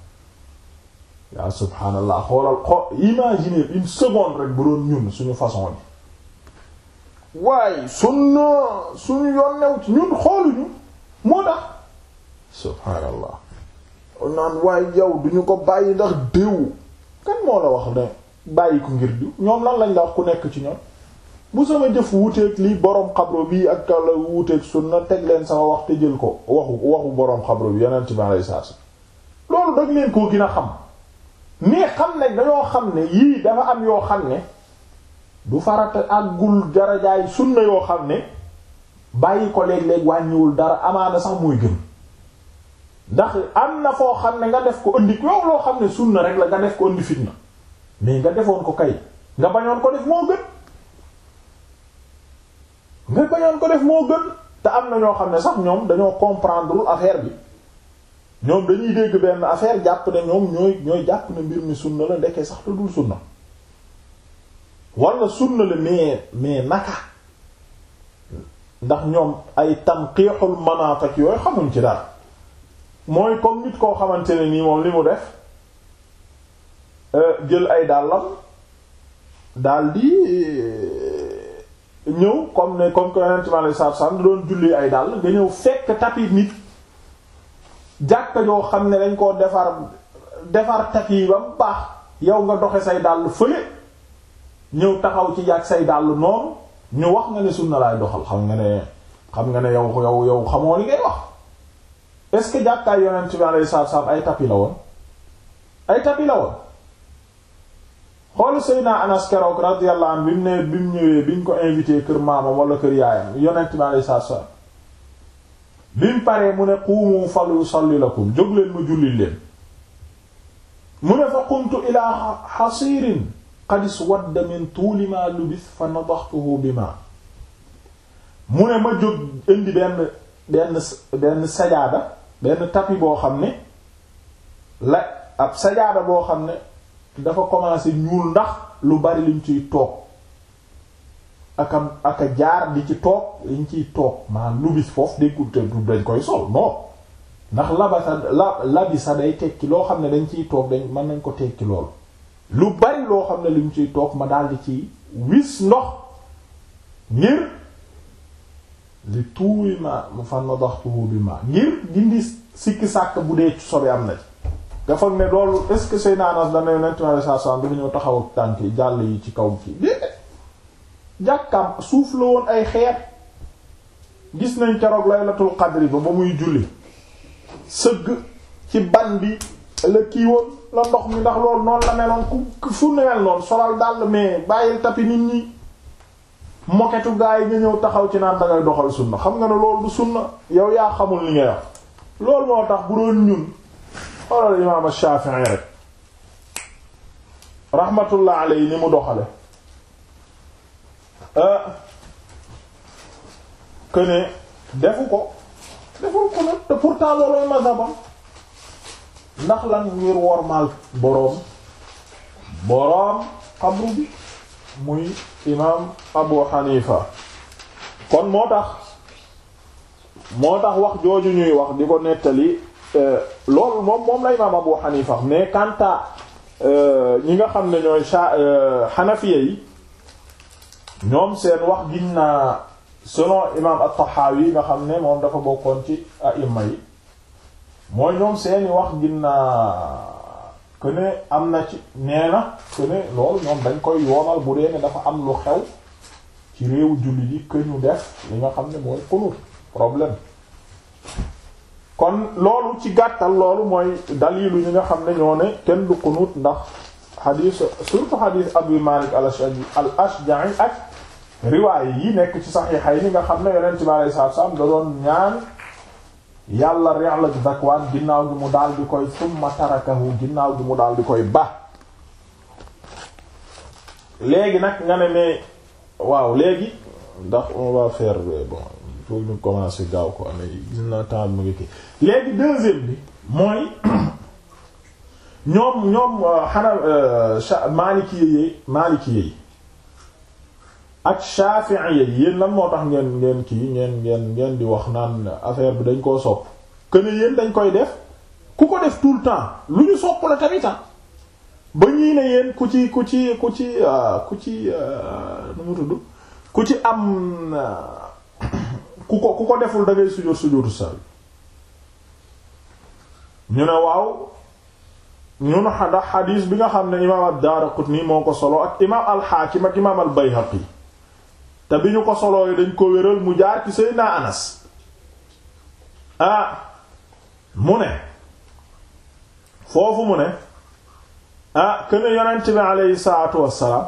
yaa subhaanallah xoolal xo imaginer une seconde rek bu doon ñun suñu façon bi waaye suñu suñu yoon new ci ñun xooluñu moo tax subhaanallah naan waaye yow duñu ko bàyyi ndax déw kan moo la wax ne bàyyi ko ngir diw ñoom lan lañ la wax ku nekk ci ñoom bu sama jëf wuuteeg li boroom xabro bi ak la wuuteeg sunna teg leen sama wax te jël ko waxu waxu borom xabro bi yeneen ci ma lay loolu dag leen koo gën a xam mais xam nañ dañoo xam ne yii dafa am yoo xam ne du farata àggul darajaay sunna yoo xam ne bàyyi ko léeg-léeg wàññiwul dara amaana sax muy gën ndax am na foo xam ne nga def ko indi yow xam ne sunna rek la nga def ko fitna mais nga defoon ko kay nga bañoon ko def moo gën nga bañoon ko def moo gën te am na ñoo xam ne sax ñoom dañoo comprendre affaire bi ñoom dañuy dégg benn affaire jàpp na ñoom ñooy ñooy jàpp ne mbir mi sunna la ndeke sax te dul sunna wala sunna la mais mais naka ndax ñoom ay tanqiixul manaat ak yooyu xamuñ ci dara mooy comme nit koo xamante ne nii moom li mu def euh, jël ay dàllam di euh, ñëw comme ne comme que yonent mi alayhi salaatu salaam doon julli ay dàll nga ñëw fekk tapis nit jàkka joo xam ne dañ koo defar defar takk ba mu baax yow nga doxe say dàll fële ñëw taxaw ci yàgg say dàll noonu ñu wax nga ne sunna laay doxal xam nga ne xam nga ne yow yow yow xamoo li ngay wax est-ce que jàkkaay yonent bi alayhi salaam ay tapi la woon ay tapi bi mu ne bi mu ñëwee bi ñu ko invité kër maamam wala kër yaayam yonent bi alayhi salaam bi mu paree mu ne quumu falu salli lakum jóg leen ma julli leen mu ne fa qumtu ila xasiirin qad iswadda min tuuli ma lubis fa nadaxtuhu bi ma mu ne ma jóg indi benn benn benn sajaada benn tapi boo xam ne la ab sajaada boo xam ne dafa commencé ñuul ndax lu bari liñ ciy toog akam aka jaar di ci toog liñ ciy toog maa lubis foofu déggul te du dañ koy sol non ndax labasa la labisa day tekki loo xam ne dañ ciy toog dañ mën nañ ko tekki lool lu bari loo xam ne liñ ciy toog ma daldi ci wis ndox ngir li tuuwi ma mu fan ma dox tuuwu bi ma ngir dindi sikki sàkk bu dee sobe am na ci nga foog ne loolu est-ce que say naanas dana yonent mi sallallahu alayhi wasallam taxaw tànk yi jàll yi ci kaw fii jàkkaam suuf la woon ay xeet gis nañ keroog laylatul qadri ba ba muy julli sëgg ci ban bi la kii la ndox mi ndax loolu noonu la meloon ku fu newel noonu solal dàll mais bàyyil tapi nit ñi moketu gaa yi nga ñëw taxaw ci naan dangay doxal sunna xam nga ne lool du sunna yow yaa xamul li ngay wax loolu moo tax bu doon ñun xoolal imaam Shafi'i rek rahmatullah alayhi ni mu doxale Euh, que ne defu ko deful ko nag te pourtant loolooy mazhabam ndax lan ngir wormaal boroom boroom xabru bi muy imaam Abu Hanifa kon moo tax moo tax wax jooju ñuy wax di ko nettali euh, loolu moom moom la imaam Abu Hanifa mais quant à euh, ñi nga xam ne ñooy Hanafiya yi ñoom seen wax ginnaa selon imam at-Tahawi nga xam ne moom dafa bokkoon ci a'imma yi mooy ñoom seeni wax ginnaa que ne am na ci nee na loolu ñoom dañ koy yoonal bu dee dafa am lu xew ci réewu jullit yi que ñu def li nga xam ne mooy xunut problème kon loolu ci gàttal loolu mooy dalilu ñi nga xam ne ñoo ne kenn du xunut ndax xadiis surtout xadiis Abu Malik al-Ashja'i ak riwaay yi nekk ci saxiixa yi nga xam ne Yonent bi alayhi salaatu salaam da doon ñaan yàlla Ri'l ak Zakwaan ginnaaw gi mu daal di koy summa tarakahu ginnaaw gi mu daal di koy ba léegi nag nga ne ne waaw léegi ndax on va faire bon il faut ñu commencer gaaw ko amee gis naa temps mu ngi léegi deuxième mooy ñoom ñoom xanaa euh, euh, maalikiyee maalikiyee ak shafi'iyye yéen lan moo tax ngeen ngeen kii ngeen ngeen ngeen di wax naan affaire bi dañ koo sopp que ne yéen dañ koy def ku ko def tout le temps lu ñu sopp la tamit ah. ba ñii ne yéen ku ci ku ci ku ci euh, ku ci nu mu tudd ku ci am ku ko ku ko deful da ngay sujjóot sujjóotu sawi ñu ne waaw ñun ndax xadiis bi nga xam ne imaam ad-Daaraqutni moo ko solo ak imaam al-Xaakim ak imaam al-Bayhaqi te bi ñu ko solo yi dañ ko wéral mu jaar ci Seydina Anas ah mu ne foofu mu ne ah kën yonent bi aleyhi salaatu wassalaam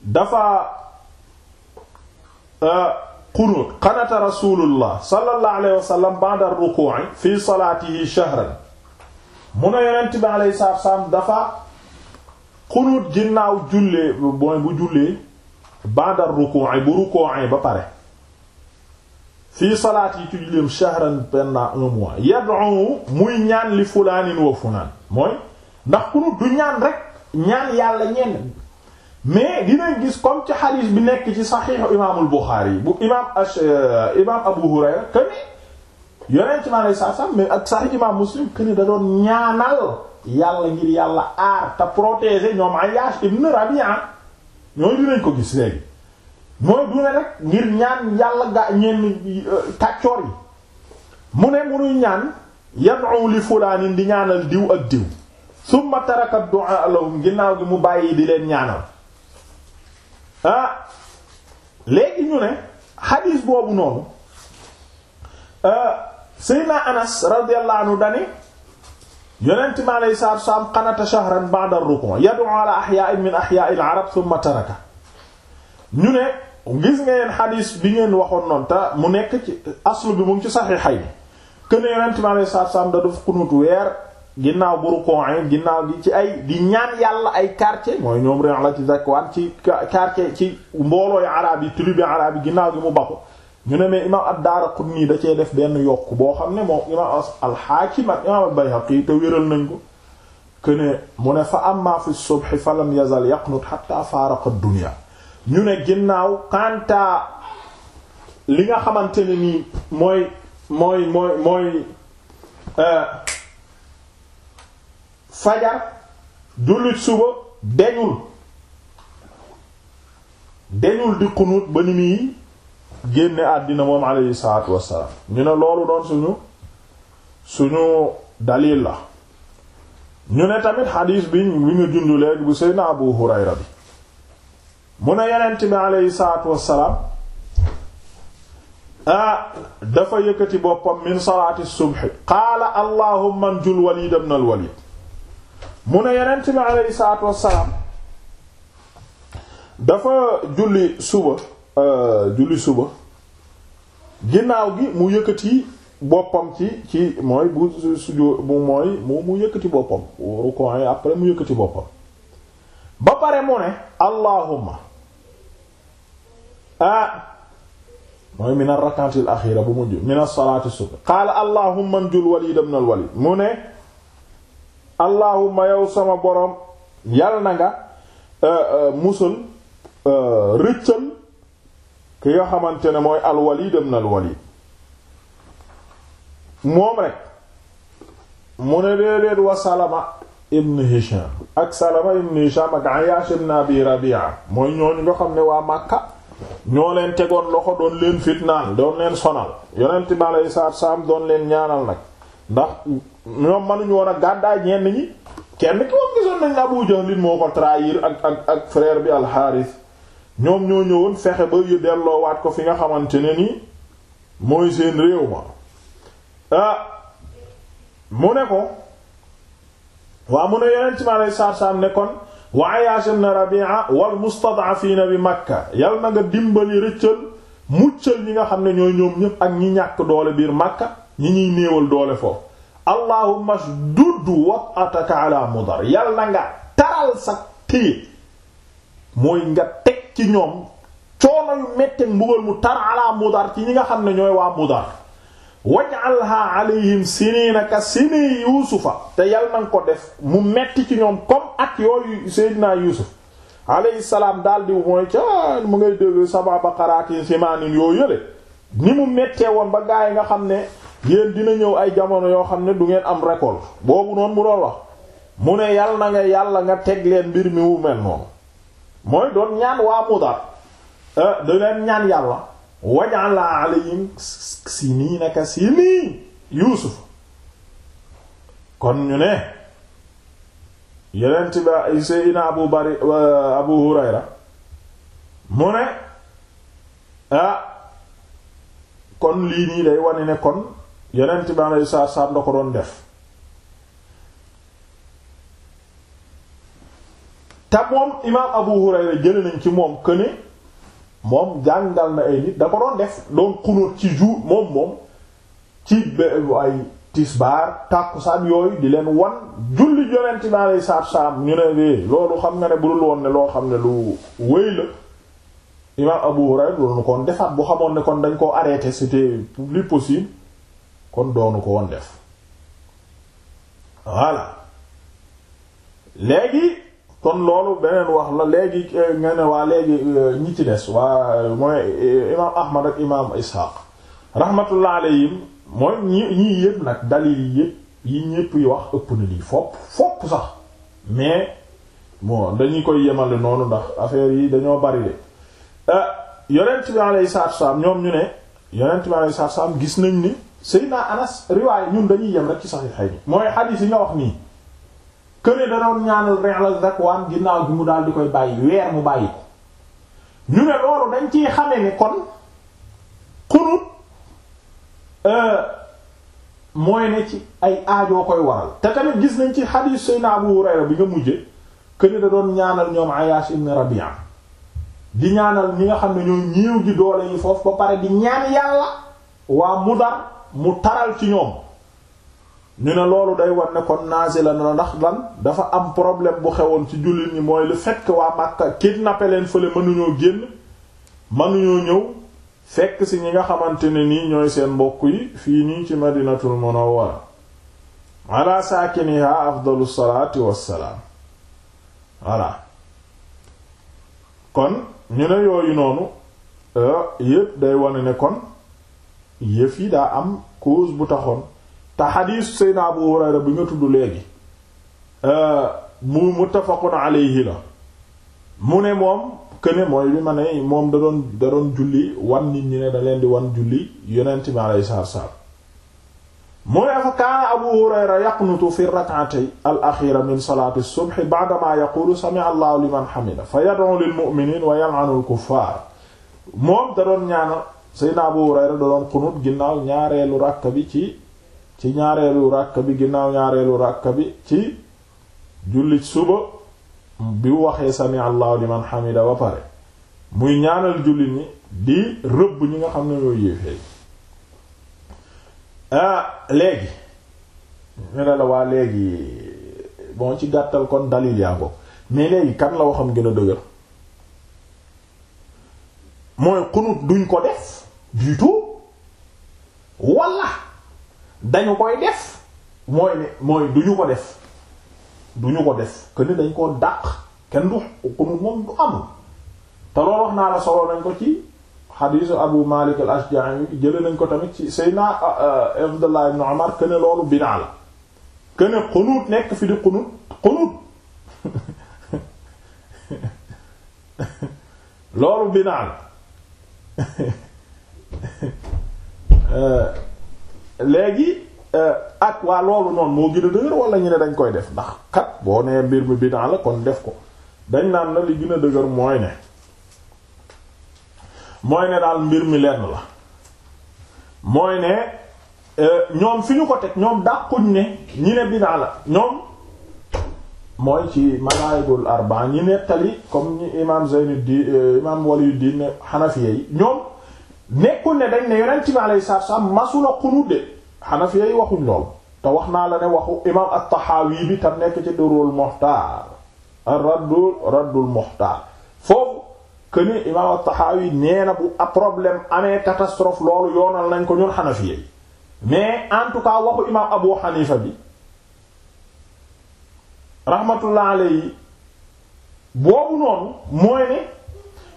dafa qunut qanata rasuulullah alayhi wasallam ba'da ruku'i fi salaatihi shahran mun a yonent bi alayhi salaatu wassalaam dafa xunuut ginnaaw jullee bu jullee bandar ruku'i bu ruku'i ba pare fii salaat yi ci julleem shahran pendant un mois yad'u muy ñaan li fulaanin wa fulaan mooy ndax xunuut du ñaan rek ñaan yàlla ñenn mais dinañ gis comme ci xadiis bi nekk ci saxiixu imaamul Buxaari bu imaam Abu Hurayra këni yonent mi alayhi salaam mais ak sa imaam Muslim këni da doon ñaanal yàlla ngir yàlla aar te protéger ñoom Ayyash ibn Rabi'a ñooy dinañ ko gis léegi mooy du ne rek ngir ñaan yàlla ga ñenn euh, tàccoor yi mu ne munuy ñaan yad'u li fulaanin di ñaanal diw ak diw summa taraka du'a lahum ginnaaw gi mu bàyyi di leen ñaanal ah, léegi ñu ne xadiis boobu noonu euh, Seydina Anas radiyallahu anhu dani yonent mi alayhi salaatu wa qanata shahran ba'da ar-ruku' yad'u ala ahyaa'in min ahyaa'i al-arab thumma taraka ñu gis ngeen xadiis bi ngeen waxoon noonu mu nekk ci aslu bi mu ci saxiixa yi kën yonent mi alayhi salaatu wa salaam da ci ay di ñaan yàlla ay quartier mooy ñoom Ri'la ci Zakwaan ci quartier ci mboolooy arab yi tribu arab yi ginnaaw gi mu bako ñu ne mais imaam ad-Daaraqutni da cee def benn yokk boo xam ne moom imaam al ak imaam al-Bayhaqi te wéral nañ ko mu ne fa amma fi subh fa yazal yaqnut hatta faaraqa ad-dunya ñu ne ginnaaw kanta li nga xamante ne nii mooy mooy mooy mooy euh, fajar jullit suba deñul deñul di ba ni muy génne àddina moom alayhi salaatu wassalaam ñu ne loolu doon suñu suñu dalil la ñu ne tamit xadiis bi bi ñu jundu léegi bu Seydina Abu Hurayra bi mu ne yonent bi alayhi salaatu wassalaam ah dafa yëkkati boppam min salaati subhi qaala allahumma njul walid ibn al walid mu ne yonent bi alayhi salaatu wassalaam dafa julli suba Euh, julli suba ginnaaw gi mu yëkkati boppam ci ci mooy bu sujjóot bu mooy mu mu yëkkati boppam rukon yi après mu yëkkati boppam ba pare mu ne allahumma ah mooy min ar-rak'atil bu mujj min as-salati subh qaala allahumma anjul walid ibn al-walid mu ne allahumma yow sama borom yal na nga euh, euh, musal rëccal ki nga xamante ne mooy al-Walid na al-Walid moom rek mu ne déedéet wa Salama ibn Hisham ak Salama ibn Hisham ak Ayash ibn Abi Rabi'a mooy ñooñu nga xam ne waa Makka ñoo leen tegoon loxo doon leen fitnaan doon leen sonal yonent bi alayhi salaatu doon leen ñaanal nag ndax ñoom mënuñu woon a gàddaay ñenn ñi kenn ki gisoon nañ Abu moo ko trahir ak ak ak frère bi al ñoom ñoo ñëwoon fexe ba yu delloowaat ko fi nga xamante ne ni mooy seen réew ma ah mu ne ko waa mu ne yeneen ci ma lay saar-saam ne kon wa Ayaash ibn Rabi'a wal mustad'afiina bi Makka yal na nga dimbali rëccal muccal ñi nga xam ne ñooy ñoom ñépp ak ñi ñàkk doole biir Makka ñi ñuy néewal doole foofu allahumma shudd wat'ataka ala Mudar yal na nga taral sa téye mooy nga teg ci ñoom coono yu metti mbugal mu tar ala mudar ci ñi nga xam ne ñooy waa mudar waj'alha alayhim sinina ka sini yuusufa te yal na nga ko def mu metti ci ñoom comme ak yooyu seydinaa yuusuf alayhi salaam daal di mooy ca mu ngay dégg saba baqaraatin simaanin yoo yële ni mu mettee woon ba gaa yi nga xam ne yéen dina ñëw ay jamono yoo xam ne du ngeen am récolte boobu noonu mu doon wax mu ne yal na nga yàlla nga teg leen mbir mi wu noonu mooy doon ñaan waa Mudar eh, da leen ñaan yàlla waj'ala alayhim siniina ka sini Yuusuf kon ñu ne yeneen bi Seydina Abu Bari eh, Abu Hurayra mu ne ah kon lii nii day wane ne kon yeneen bi alayhi salaatu salaam da ko doon def te moom imaam Abu Hurayra jëlee ci moom que moom jàngal na ay nit da ko doon def doon xunóot ci jour moom moom ci ay tisbaar tàkkusaan yooyu di leen wan julli yonent bi alayhi salaatu salaam ñu ne eh, loolu xam nga ne bu dul woon ne loo xam ne lu wéy la imaam Abu Hurayra doonu koon defaat bu xamoon ne kon dañ koo arrêté c'était plus possible kon doonu ko woon def voilà léegi. kon loolu beneen wax la léegi eh, nga ne waa léegi eh, ñi ci des waa eh, mooy imaam ahmad ak imaam ishaq rahmatullah alayhim mooy ñi ñii yëpp nag dalil yi yëpp yi ñëpp yi wax ëpp na lii fopp fopp sax mais bon dañu koy yemale noonu ndax affaire yi dañoo bari de yonent bi alayhi salaatu salaam ñoom ñu ne yonent bi alayhi salaatu salaam gis nañ ni Seydina Anas riwaay ñun dañuy yem rek ci saxiix yi mooy xadiis yi nga wax nii këne da doon ñaanal Ri'l Zakwaan ginnaaw bi mu daal di koy bàyyi weer mu bàyyi ko ñu ne loolu dañ ci xame ni kon xunut euh, mooy ne ci ay aajoo koy waral te tamit gis nañ ci xadiis Seydina Abu Hurayra bi nga mujje këne da doon ñaanal ñoom Ayaash ibn Rabi'a di ñaanal ñi nga xam ne ñoo ñéew ji doole yi foofu ba pare di ñaan yàlla waa Mudar mu taral ci ñoom ñu ne loolu day wan ne kon la na ndax lan dafa am problème bu xewoon ci jullit ñi mooy lu fekk waa Makka kidnappé leen fële mënuñoo génn mënuñoo ñëw fekk si ñi nga xamante ne nii ñooy seen mbokk yi fii nii ci madinatul munawwara ala saakiniha afdalu salaatu wassalaam voilà kon ñu ne yooyu noonu euh, yépp day wane ne kon yëf yi daa am cause bu taxoon te xadiis Seydina Abu Hurayra bi nga tudd léegi euh, mu muttafaqun alayhi la mu ne moom këne mooy bi ma ne moom da doon da doon julli wan nit ñi ne da leen di wan julli yonent bi alayhi salaam mu ne fa kaana Abu Hurayra yaqnutu fi rak'atay al-axiira min salaati subhi ba'dama yaqulu sami'a Allahu liman hamida fa yad'u lil mu'miniin wa yal'anu al-kuffaar moom da doon ñaana Seydina Abu Hurayra da doon xunut ginnaaw ñaareelu ràkk bi ci ci ñaareelu ràkk bi ginnaaw ñaareelu ràkk bi ci jullit suba bi waxee sami allahu liman hamida ba pare muy ñaanal jullit ñi di rëbb ñi nga xam ne ñoo yéefee ah léegi ñu ne la waa léegi bon ci gàttal kon dalil yaa ko mais kan la waxam gën a dëgër mooy xunut duñ ko def du tout wala dañu koy def mooy ne mooy du ñu ko def du ñu ko def que ni dañ ko dàq kenn du ko moom du am te loolu wax naa la solo nañ ko ci xadiisu Abu Malik al-Ashja'i jële nañ ko tamit ci Seydina Abdullah ibn Umar que ne loolu binaa la que ne xunuut nekk fi di xunuut xunuut loolu binaa la euh, léegi euh, ak waa loolu noonu moo gën a dëgër wala ñu ne dañ koy def ndax kat boo nee mbir mi bidaa la kon def ko dañ naan na li gën a dëgër mooy ne mooy ne daal mbir mi lenn la mooy ne euh, ñoom fi ñu ko teg ñoom dàquñ ne ñi ne bidaa la ñoom mooy ci malaayibul arba ñi nettali comme ñi imam Zaynuddin euh, imam Waliyuddin Hanafiya yi ñoom nekkul ne dañ ne yonent bi alayhi salaatu wasalaam masula xunuut de Hanafi yi waxuñ lool te wax naa la ne waxu imaam at bi tam nekk ci Durrul Muxtaar ar-Raddul Raddul Muxtaar foofu këni imaam at-Tahawi bu a problème amee catastrophe loolu yoonal nañ ko ñun Hanafi yi mais en tout cas waxu imaam Abu Hanifa bi rahmatullah alayhi boobu noonu mooy ne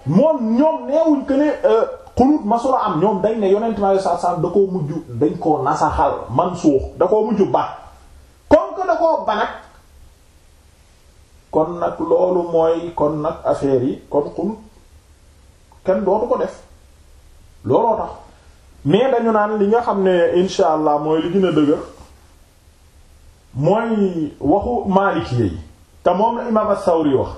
moom ñoom neewuñ que euh, xunuut masula am ñoom dañ ne yonent mi alayhi salaam da koo mujj dañ koo nasaxal mansuux da koo mujj ba comme que da koo ba kon nag loolu mooy kon nag affaire yi kon xunuut kenn dootu ko def looloo tax mais dañu naan li nga xam ne insha allah mooy li gën a dëgër mooy waxu Maliki yi te moom la imaam as-Sawri wax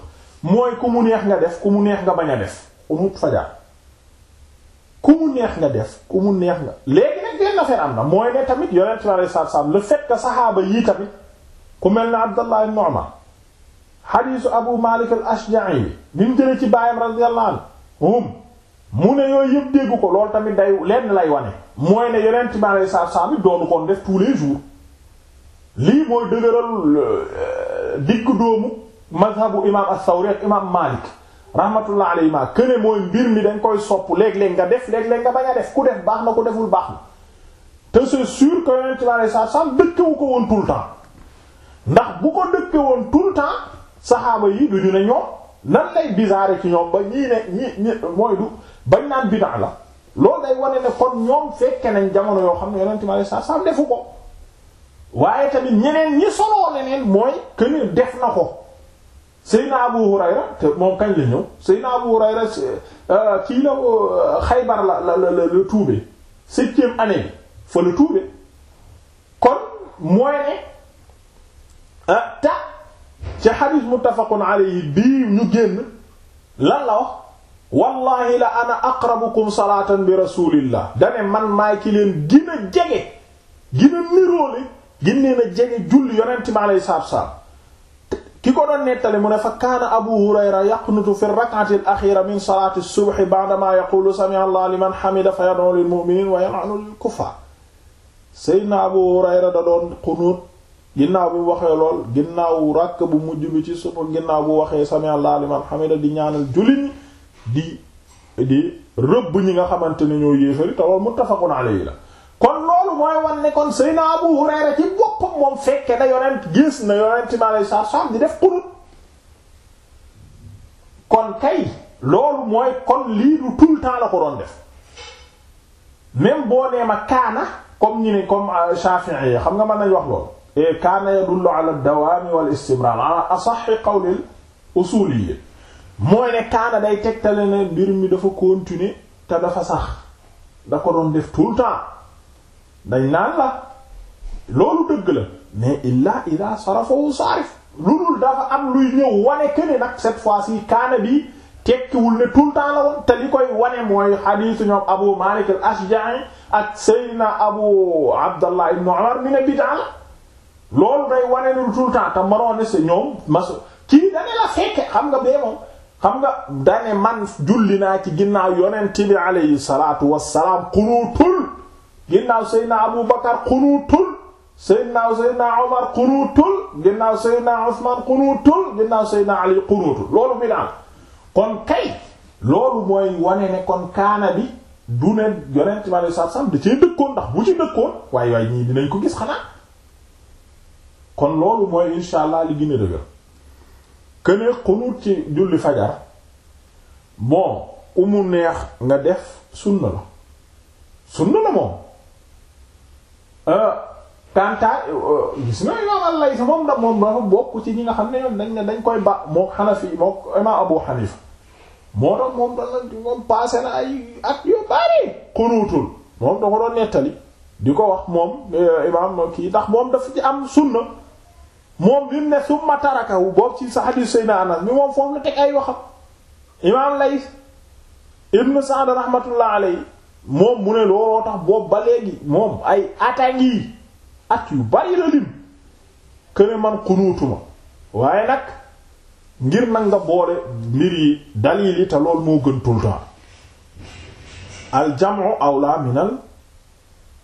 mooy ku mu neex nga def ku mu neex nga bañ a def xunuut fajar ku mu neex nga def ku mu neex nga léegi nag benn affaire am na mooy ne tamit yonent bi alayhi salaatu salaam le fait que saxaaba yii tamit ku mel ne Abdallah ibn Umar xadiisu Abu Malik al-Ashja'i yi bi mu jëlee ci baayam radiyallahu anhu mu ne yooyu yëpp dégg ko loolu tamit day lenn lay wane mooy ne yonent bi alayhi salaatu salaam doonu koon def tous les jours lii mooy dëgëral euh, digg doomu mazhabu imaam as-Sawri ak imaam Malik rahmatullah alayhima këne mooy mbir mi dañ koy sopp léeg-léeg nga def léeg nga bañ a def ku def baax na ku deful baax na te c'est sûr que yonent bi alayhi salaam dëkkewu ko woon tout le ndax bu ko dëkke woon tout le temps saxaaba yi du ñu ne ñoom nan lay bizarre ci ñoom ba ñii ne ñi ñi mooy du bañ naan bid'a la loolu day wane ne kon ñoom fekke nañ jamono yoo xam ne yonent bi alayhi salaam defu ko waaye tamit ñeneen ñi soloo leneen mooy que def na ko Seydina Abu Hurayra te moom kañ la ñëw Seydina Abu Hurayra euh, kii la euh, Xaybar la la la la tuube septième la tuube kon mooy ne ah ci xadis muttafaqun alayhi bii ñu génn lan la wax wallahi la ana aqrabukum salaatan bi rasulillah dane man maay ki leen gën jege gën a niroole gën jege julli yonent mi alayhi salaatu salaam ki ko doon nettali mu ne fa kaana abu hurayra yaqnutu fi rak'ati al-akhira min salati as-subh ba'da ma sami allah liman hamida fa yad'u lil mu'minin wa yal'anu lil kuffar seydna abu hurayra da doon qunut ginnaaw bi waxee lool ginnaaw ràkk bu mujj bi ci suba ginnaaw bu waxee sami allah liman hamida di ñaanal jullit di di rëbb ñi nga xamante ne ñoo yéefari te loolu muttafaqun la loolu mooy wan ne kon Seydina Abu Hurayra ci boppam moom fekke na yonent gis na yonent ma lay saar saar di def qunut kon kay loolu mooy kon lii du tout le la ko doon def même boo nee ma kaana comme ñu ne comme euh, Shafi'i yi xam nga mën nañ wax loolu e kaana yadullu ala ad-dawaami wal istimrar ala asahhi qawlil usuliyyi mooy ne kaana day tegtale ne mbir mi dafa continuer te dafa sax da ko doon def tout le temps dañ naan la loolu dëgg la mais illa ida sarafahu saarif lu dul dafa am luy ñëw wane que ne nag cette fois ci kaana bi tekkiwul ne tout le te li koy wane mooy xadiisu ñoom Abu Malik al-Ashja'i ak Seydina Abu Abdallah ibn Umar mi ne bid'a loolu day wane ne tout le temps te ñoom kii dane la fekke xam nga bee moom xam nga dane man julli naa ci ginnaaw yonent bi alayhi salaatu wassalaam qunuutul ginnaaw seydna abu bakar xunuutul seydna seydna omar xunuutul ginnaaw seydna usman xunuutul ginnaaw seydna ali xunuutul loolu bi na kon kay loolu mooy wane ne kon kaana bi du ne yonent ma lay saat sam da cee dëkkoon ndax bu ci dëkkoon waaye waaye ñii dinañ ko gis xanaa kon loolu mooy insha li gën a dëgër kënee xunuut ci julli fajar bon ku neex nga def sunna la sunna la moom Euh, Kanta euh, gis nga yoonal lay sa moom da moom dafa bokk ci ñi nga xam ne ñoom dañ ne dañ koy ba mook Hanafi mook Imaam Abu moo na ay at yu da ko doon nettali di ko wax moom euh, Imaam kii ndax moom dafa ci am sunna moom li ne summa tarakahu boobu ci sa hadiis Seydina Anas mi moom foofu la teg ay waxam Imaam Layth ibn Sa'd rahmatullah moom mu ne looloo tax boobu ba léegi moom ay atangi at yu bari la lim këne man xunuutuma waaye nag ngir nag nga boole mbir yi dalil yi te lool moo gën tout le temps al jam'u minal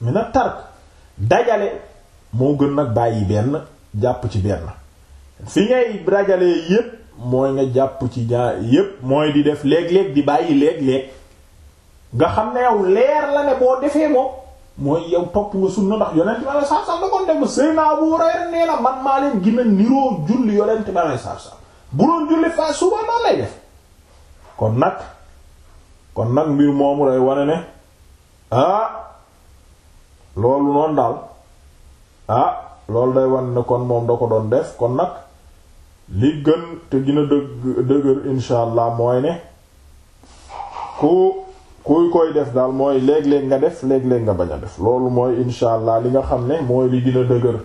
minal tark dajale moo gën nag bàyyi benn jàpp ci benn fi ngay dajalee yépp mooy nga jàpp ci ñaar yépp mooy di def léeg-léeg di bàyyi léeg-léeg nga xam ne yow leer la ne boo defee moom mooy yow topp nga sunna ndax yonent ma lay saar saar da kon def Seydina Abu bu doon julli fa suba noonu lay def kon nag kon nag mbir moomu lay wane ne ah loolu noonu daal ah loolu day wane ne kon moom da ko doon def kon nag li gën te gën dëgg dëgër insha mooy ne ku kuy koy def daal mooy léeg-léeg nga def léeg-léeg nga bañ a def loolu mooy incha allah li nga xam ne mooy li dina dëgër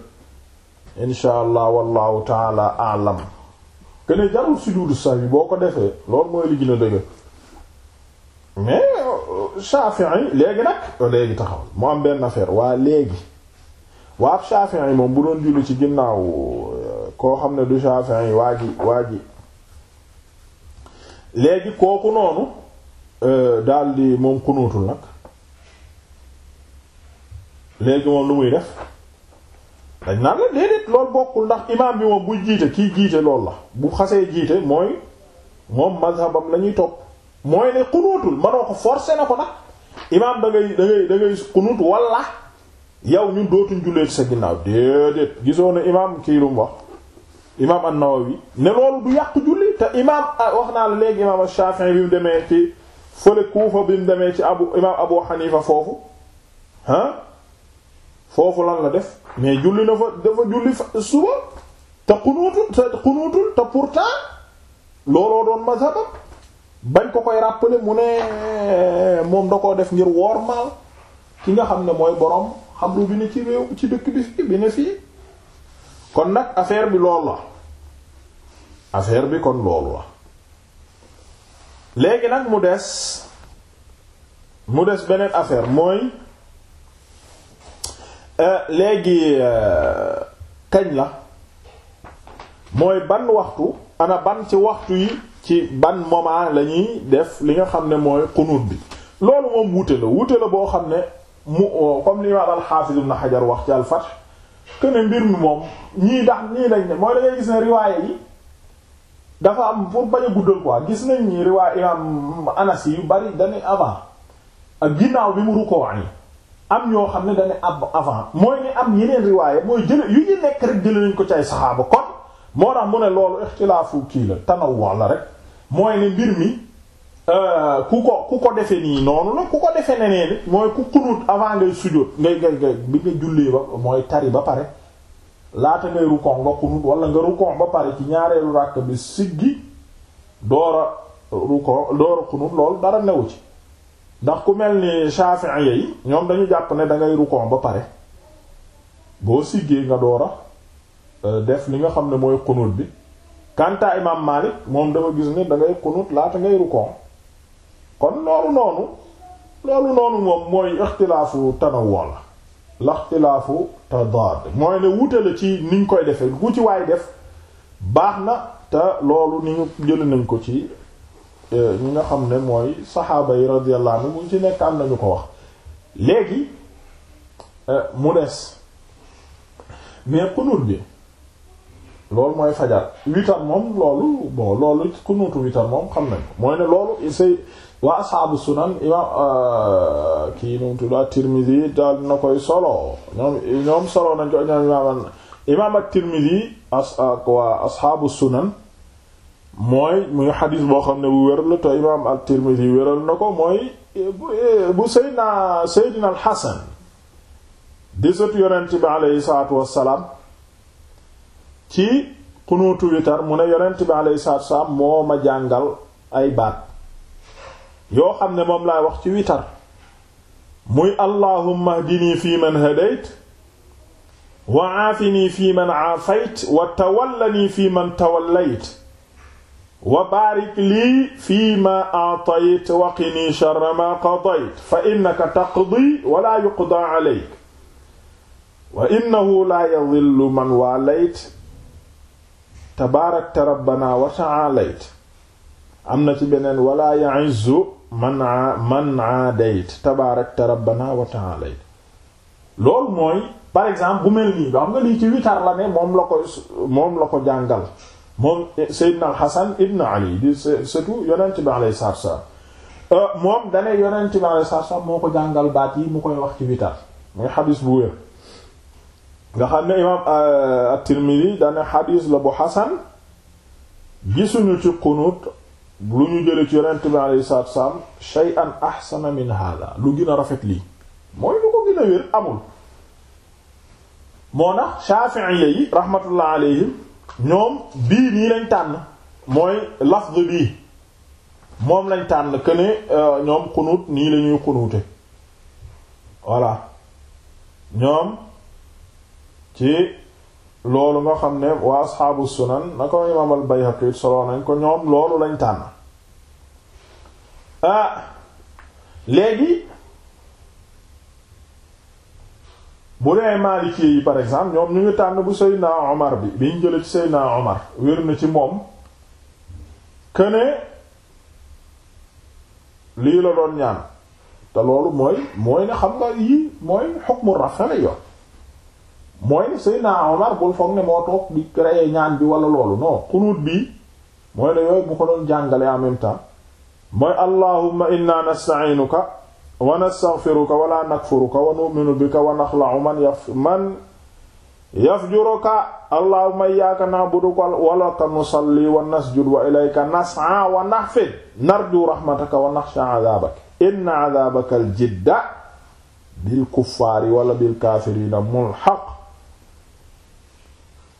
incha allah wallahu taala alam kene jarul sujudu sahwi boo ko defee loolu mooy li dina dëgër mais Shafi'i léegi nag léegi taxaw mu am benn affaire waa léegi waa ab yi moom bu doon julli ci ginnaaw koo xam ne du Shafi'i yi ji waa ji léegi kooku noonu Euh, daldi moom xunuutul nag léegi moom lu muy def dañ naan la déedéet loolu bokkul ndax imaam bi moom buy jiite kiy jiite loolu la bu xasee jiite mooy moom mazhabam lañuy ñuy topp mooy ne xunuutul manoo ko forcer na ko nag imaam da ngay da ngay da ngay xunuut wala yow ñun dootuñ julleeti sa ginnaaw déedéet gisoo ne imaam kii wax imaam an yi ne loolu du yàq julli te imaam ah, wax naa la léegi imaam Shafi'i bi mu demee ci fële Kuufa bi mu demee ci abu imaam Abu Hanifa foofu ah foofu lan la def mais julli na fa dafa julli fa te xunuutul te xunuutul te pourtant looloo doon mazhabam bañ ko koy rappeler mu ne moom da koo def ngir wormaal ki nga xam ne mooy borom xabru bi ne ci réew ci dëkk bi fii bi ne fii kon nag affaire bi loolu la affaire bi kon loolu la. léegi nag mu des mu des beneen affaire mooy euh, léegi euh, kañ la mooy ban waxtu ana ban ci waxtu yi ci ban moment la ñuy def li nga xam ne mooy xunuut bi loolu moom wuute la wuute la boo xam ne mu euh, comme li wax al-Hafiz Ibn Hajar wax ci al-Fath que mbir mi moom ñii dax ñii lañ ne mooy da ngay gis ne riwaaye yi dafa am pour bañ a guddal quoi gis nañ ni riwaay imam Anas yu bari dañuy avant ak ginnaaw bi mu rukkoo yi am ñoo xam ne dañuy ab avant mooy ni am yeneen riwaay mooy jële yu ñu nekk rek jële nañ ko ci ay saxaaba kon moo tax mu ne loolu ixtilaafu kii la tanawwu la rek mooy ne mbir mi euh, ku ko ku ko defe nii noonu la ku ko defe neneen mooy ku xunut avant ngay sujjóot ngay ngay ngay bi nga jullee ba mooy tari ba pare laata ngay rukkon nga xunut wala nga rukkon ba pare ci ñaareelu ràkk bi siggi doora rukkon doora xunut lool dara newu ci ndax ku mel ni Shafi'i yi ñoom dañu jàpp ne dangay ngay rukkon ba pare boo siggee nga doora euh, def li nga xam ne mooy xunut bi kanta imam Malik moom dama gis ne dangay ngay xunut laata ngay rukkon kon loolu noonu loolu noonu moom mooy ixtilaafu tanawwu la laxtilaafu tadaad mooy ne wuute la ci niñ koy defee ku ci waay def baax na te loolu ni ñu jëli nañ ko ci e, ñi nga xam ne mooy saxaaba yi radiyallahu anhu mu ci nekk am ñu ko wax léegi e, mu des mais xunut bi loolu mooy fajar witar moom loolu bon loolu xunutu witar moom xam nañ mooy ne loolu c'est waa asxaabu sunan imaam euh, kii nu mu tudd solo ñoom ñoom solo nañ ko ñoom imaam imaam at-Tirmidhi as ak waa asxaabu sunan mooy muy xadis boo xam ne bu wér la imaam at-Tirmidhi wéral na ko mooy bu Seydina Seydina al-Hasan di sëtu yonent bi aleyhi salaatu wassalaam ci kunuutu mu ne yonent bi aleyhi salaatu wassalaam moo ma jàngal ay baat. yoo xam ne moom laay wax ci witar muy allahumma hdini fi man hadayt wa aafini fi man aafayt wa tawallani fi man tawallayt wa baarik lii fi ma aatayt wa qini sharra ma qadayt fa innaka taqdi wa la yuqda alayk wa innahu la yadillu man waalayt tabaarakta rabbana wa ta'alayt am na ci beneen wala ya'izzu man a man aadayt tabaarakta rabbana wa ta'alayt loolu mooy par exemple bu mel nii ba xam nga lii ci witar la ne moom la ko moom la ko jàngal moom Seydina Hasan ibn Ali di surtout yonent bi alayhi salaatu euh, moom dane yonent bi alayhi salaatu moo ko jàngal baat yi mu koy wax ci witar mooy xadis bu wér nga xam ne imaam euh, at-Tirmidhi dane xadis la bu Hasan gisuñu ci qunut lu ñu jële ci yonent bi alayhi salaatu wassalaam shay'an ahsana min hada lu gën a rafet lii mooy lu ko gën a wér amul moo tax Shafi'iyya yi rahmatullah alayhim ñoom bii nii lañ tànn mooy lafz bii moom lañ tànn que ne euh, ñoom xunuut nii la xunuute voilà ñoom ci loolu nga xam ne waa asxaabu sunan na ko imaam al-Bayhaqi solo nañ ko ñoom loolu lañ tànn ah léegi bu dee Maliki yi par exemple ñoom ñu ngi tànn bu Seydina Omar bi biñ jëlee ci Seydina Omar wér na ci moom këne lii la doon ñaan te loolu mooy mooy ne xam nga yii mooy xukmu rafa la yoon mooy ne Seydina Omar bul foog moo toog di créer ñaan bi wala loolu non xunuut bi mooy ne yooyu bu ko doon jàngale en même inna nasta'inuka wa nastaghfiruka wa la man yaf man yafjuruka allahumma iyyaka na'budu wa laka nusalli wa nasjudu wa ilayka nas'a wa nahfid narju rahmataka wala bil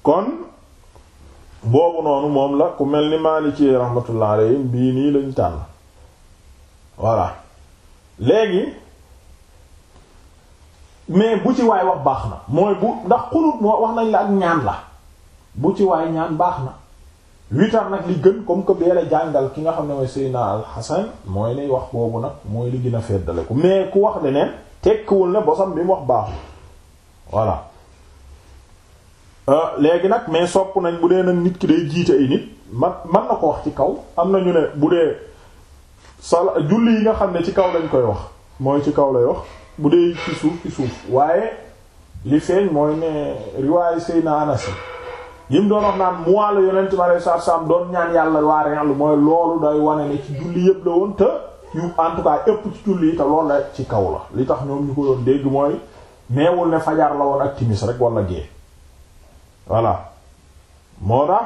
kon boobu noonu moom la ku mel ni Maliki rahmatullah alayhi bii nii lañu tànn voilà léegi mais bu ci waay wax baax na mooy bu ndax xunut moo wax nañ la ak ñaan la bu ci waay ñaan baax na witar nag li gën comme que bee la jàngal ki nga xam ne mooy Seydina Al Hasan mooy ni wax boobu nag mooy li gën feddale ko mais ku wax leneen tekkiwul ne bosam bi mu wax baaxul voilà Euh, léegi nag mais sopp nañ bu dee nag nit ki day jiite ay nit man man na ko wax ci kaw am na ñu ne bu dee sala julli yi nga xam ne ci kaw lañ koy wax mooy ci kaw lay wax bu dee ci suuf ci suuf waaye li feeñ mooy ne riwaayu Seyna Anas yi mu doon wax naan mois la yonent bi alayhi salaatu salaam doon ñaan yàlla waareel mooy loolu day wane ne ci julli yëpp la woon te yu en tout cas ëpp ci julli yi te loolu la ci kaw la li tax ñoom ñu ko doon dégg mooy neewul ne fajar la woon ak timis rek wala gée. voilà moo tax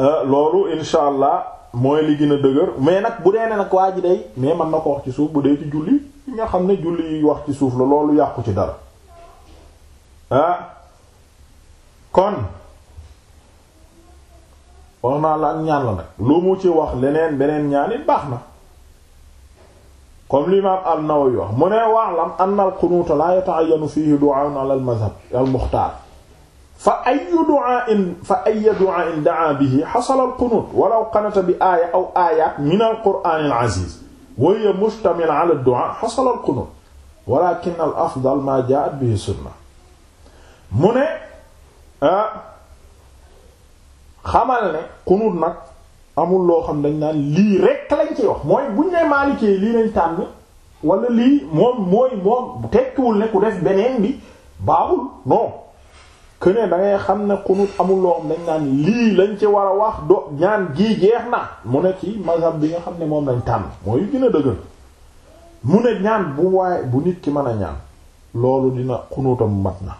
euh, loolu insha allah mooy li gën a dëgër mais nag bu dee ne nag waa ji mais man na ko wax ci suuf bu dee ci julli nga xam ne julli yi wax ci suuf la loolu yàqu ci dara ah, kon wax naa la ak ñaan nag loo mu ci wax leneen beneen ñaan baax na comme l'imam an-Nawawi wax mu ne wa'lam anna al-qunuuta laa yata'ayyanu fiihi du'aa'un 'ala al-madhhab al-mukhtaar fa ayyu du'aa'in fa ayyu du'aa'in da'a bihi hasala al-qunuut walaw qanata bi aaya aw aayaat min al-qur'aan al-'aziiz wa hiya mushtamila 'ala ad-du'aa' hasala al-qunuut walaakin al-afdal maa jaa'at bihi sunna mu ne ah, xamal ne qunuut nag amul loo xam dañ naan lii rekk lañ ci wax mooy buñ ne maalikee lii lañ tànn wala lii moom mooy moom tekkiwul ne ku def beneen bi baaxul non que ne da xam ne xunut amul loo xam dañ naan lii lañ ci war a wax do ñaan gii jeex na mu ne ci mazhab bi nga xam ne moom lañ tànn mooy gën a dëgër mu ne ñaan bu waaye bu nit ki mën a ñaan loolu dina xunutam mat na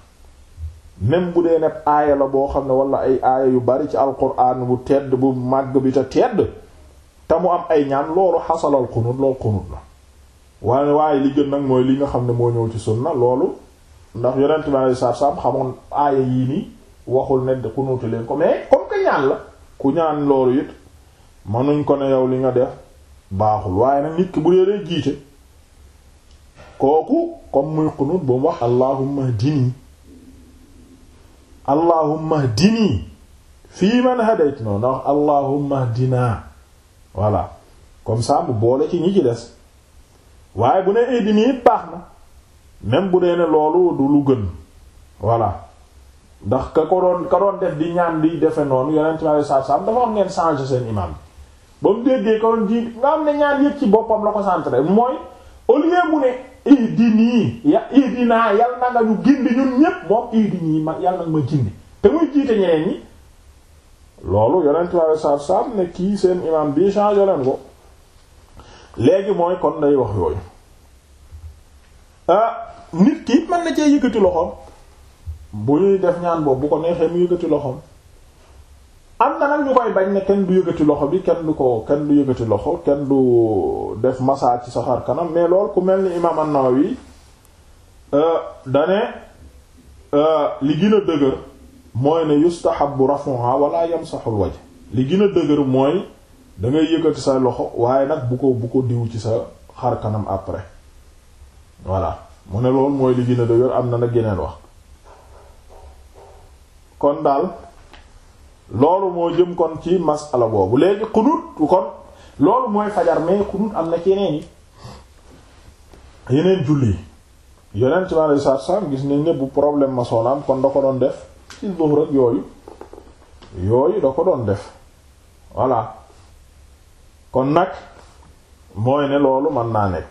même bu dee nekk aaya la boo xam ne wala ay aaya yu bari ci alquran bu tedd bu màgg bi te tedd te mu am ay ñaan loolu xasalal xunut loolu xunut la waaye waaye li gën nag mooy li nga xam ne moo ñëw ci na loolu ndax yonent bi alayhi salaam xamoon aaya yii waxul ne xunutu ku ñaan loolu mënuñ ko ne li nga def baaxul waaye nag nit ki bu dee dee jiite kooku comme muy xunut bu mu wax allahumma dini allahumma hdini fii man hadayt noonu na wax allahumma hdina voilà comme ça bu boole ci ñi ci des waaye bu ne hdini it baax na même bu dee ne loolu du lu gën voilà ndax ka ko doon ka doon def di ñaan di defe noonu yonent mi alayhi salaatu salaam dafa wax ngeen changer seen imam bi ba mu déggee ka doon ji nga am ne ñaan yépp ci boppam la ko centré mooy au lieu mu ne ihdini ya ihdina yal na nga ñu gindi ñun ñépp moom ihdini ma yal na nga ma gindi te muy jiite ñeneen ñi loolu yonent waaye saab saab ne kii seen imam bi changé leen ko léegi mooy kon day wax yooyu ah, nit ki mën na cee yëkkati loxoom bu ñuy def ñaan boobu bu ko neexee mu yëkkati loxoom am na nag ñu koy bañ ne kenn du yëgati loxo bi kenn du ko kenn du yëgati loxo kenn du def massa ci saxaar kanam mais lool ku mel ni imaam an-Nawawi euh, dane euh, li gën a dëgër mooy ne yustahabu rafuha wala yamsahul wajh li gën a dëgër mooy da ngay sa loxo waaye nag bu ko bu ko diw ci sa xar kanam après voilà mu ne loolu mooy li gën a dëgër am na nag geneen wax kon daal loolu moo jëm kon ci masala boobu léegi xunut kon loolu mooy fajar mais xunut am na ci yeneen yi yeneen julli yeneen ci maanaam saa saa gis nañ ne bu problème ma soxla kon da ko doon def ci zuhr ak yooyu yooyu da ko doon def voilà kon nag mooy ne loolu mën naa nekk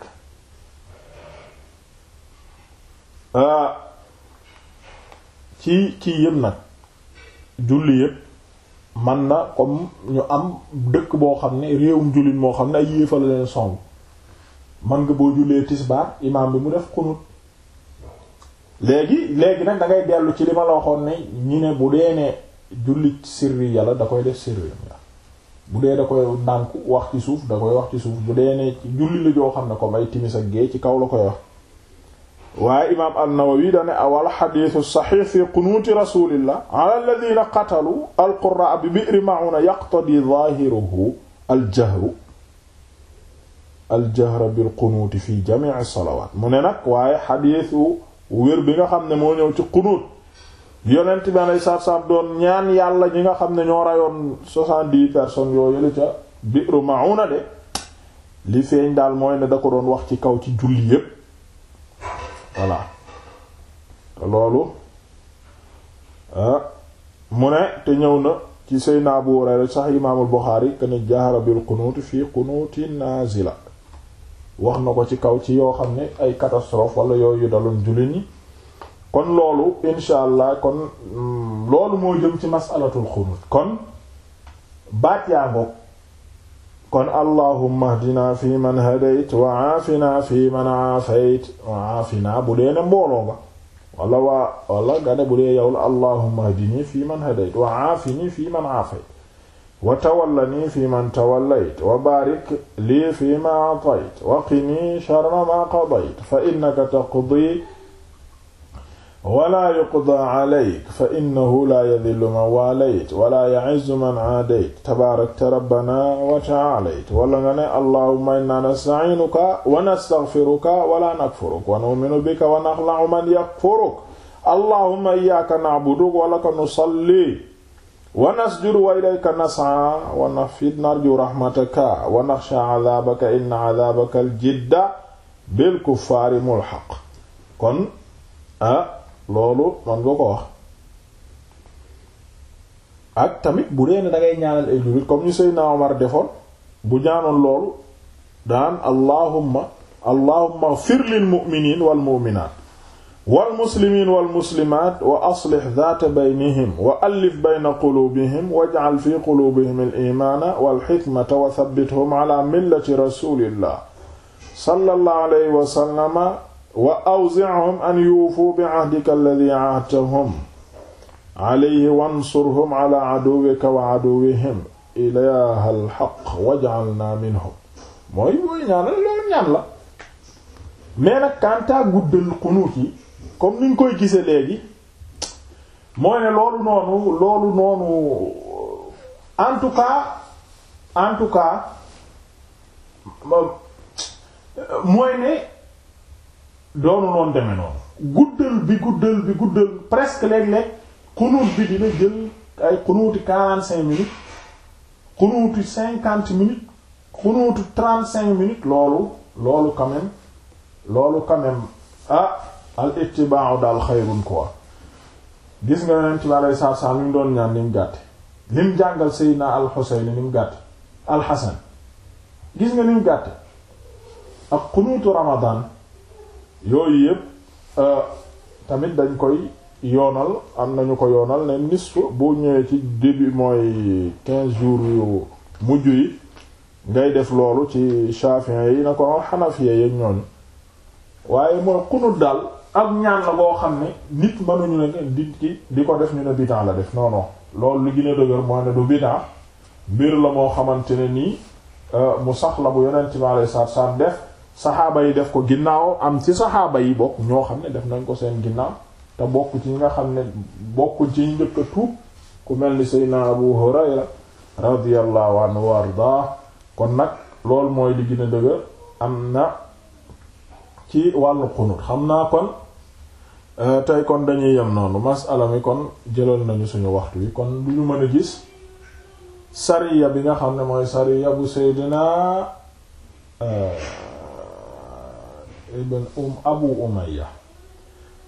euh, ci ci yëpp nag julli yëpp man na comme ñu am dëkk boo xam ne réewum jullit moo xam ne ay yéefal leen song man nga boo jullee tisbaar imaam bi mu def xunut léegi léegi nag da ngay dellu ci li waxoon ne ñi ne bu dee ne jullit sirri yàlla da koy def sirri bu dee da koy ndànk wax ci suuf da koy wax ci suuf bu dee ne julli la joo xam ne comme ay timis ak gée ci kaw la koy wax waaye imaam an-Nawawi dane awal xadiisu saxiix fi qunuuti rasulillah ala alladina qatalu alqurraa bi bi'ri ma'una yaqtadi zaahiruhu aljahru aljahra bil qunuuti fi jamii'i salawaat mu ne nag waaye xadiisu wér bi nga xam ne moo ñëw ci qunuut yonent bi alayhi salaatu salaam doon ñaan yàlla ñi nga xam ne ñoo rayoon soixante di personnes yoo yële ca ma'una de li feeñ daal mooy ne da ko doon wax ci kaw ci julli yépp voilà loolu ah, mu ne te ñëw na ci Seydina Abu Hurayra sax imaamul Buxaari kana jahara bil qunuut fii qunuuti naazila wax na ko ci kaw ci yoo xam ne ay catastrophe wala yooyu daloon jullit ñi kon loolu insha allah kon mm, loolu moo jëm ci masalatul xunuut kon baat yaa ngoog kon allahumma hdina fi man hadayt wa aafina fi man aafayt wa aafina bu dee ne mbooloo ga wala waa wala nga ne bu dee yow la allahumma hdini fi man hadayt wa aafini fi man aafayt wa tawallani fi man tawallayt wa baarik lii fi ma atayt wa qini sharra ma qadayt fa innaka taqdi wala yuqda alayk fa innahu la yadillu man waalayt wala ya'izzu man aadayt tabaarakta rabbana wa ta'aalayt wala nga ne allahumma inna nasta'inuka wa nastaghfiruka wala nakfuruk wa nu'minu bika wa nakhla'u man yakfuruk allahumma iyyaka na'budu wa laka nusalli wa nasjudu wa ilayka nas'a wa nafid narju rahmataka wa nakhsha 'adhabaka inna 'adhabaka al-jidda bil kuffaari mulhaq kon ah loolu man nga ko wax ak bu dee ne defoon bu ñaanoon loolu daan allahumma allahumma lil mu'miniin wal mu'minaat wal muslimiin wal muslimaat wa aslih dhaata baynihim wa allif bayna quluubihim waj'al fi quluubihim al iimaana wal hikmata wa thabbithum ala millati rasuulillah sallallahu alayhi wa sallama wa awzi'hum an yuufu bi ahdika alladhi ahdtahum alayhi wansurhum ala aduwwika wa aduwwihim ilaahal haqq waj'alna minhum mooy mooy ñaanal loolu ñaan la mais nag kantaa guddal xunuut yi comme niñ koy gise léegi mooy ne loolu noonu loolu noonu en tout cas en tout cas mooy ne doonu noon deme noonu guddal bi guddal bi guddal presque léeg-léeg xunuut bi dina jël ay xunuuti quarante cinq minutes xunuuti cinquante minutes xunuuti trente cinq loolu loolu quand loolu quand même ah al ittiba'u daal xayrun quoi gis nga yonent ci alayhi salaatu salaam li mu doon ñaan ni mu gàtt li mu jàngal Seydina al-Husayn ni mu gàtt al-Hasan gis nga ni mu gàtt ak xunuutu Ramadan yooyu yëpp euh, tamit dañ koy yoonal am nañu ko yoonal ne nisf boo ñëwee ci début mooy quinze jours yu mujj yi ngay def loolu ci Shafi'i yi na ko Hanafiyya yi ñooñu waaye mooy xunut daal ak ñaan la boo xam ne nit mënuñu ne di ki di ko def ñu ne bidaa la def non loolu li gën a dëgër mooy ne du bidaa mbir la moo xamante ne nii euh, mu sax la bu yeneen bi alayhi salaatu salaam def saxaaba yi def ko ginnaaw am ci saxaaba yi bokk ñoo xam ne def nañ ko seen ginnaaw te bokku ci ñi nga xam ne bokkuñ ci ñu njëkk tuub ku mel ni Seydina Abu Hurayra radiyallahu anhu wa ardaa kon nag loolu mooy li gën dëgër am na ci wàllu xunut xam naa kon euh, tey kon dañuy yem noonu masala mi kon jëlal nañu suñu waxtu wi kon du mën a gis sariya bi nga xam ne mooy sariya bu Seydina euh, ibn um abu umayya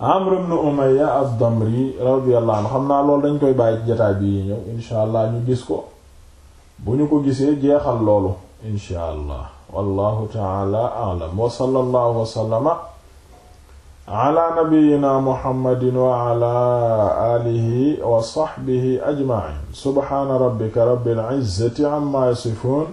amr ibn umayya ad-damri radiyallahu anhu xam naa loolu dañ koy bàyyi ci jotaay bi ñëw insha allah ñu gis ko bu ñu ko gisee jeexal loolu insha allah wallahu taala a'lam wa sallallahu wa sallama ala nabiyyina muhammadin wa ala alihi wa sahbihi ajma'in subhana rabbika rabbil izzati amma yasifun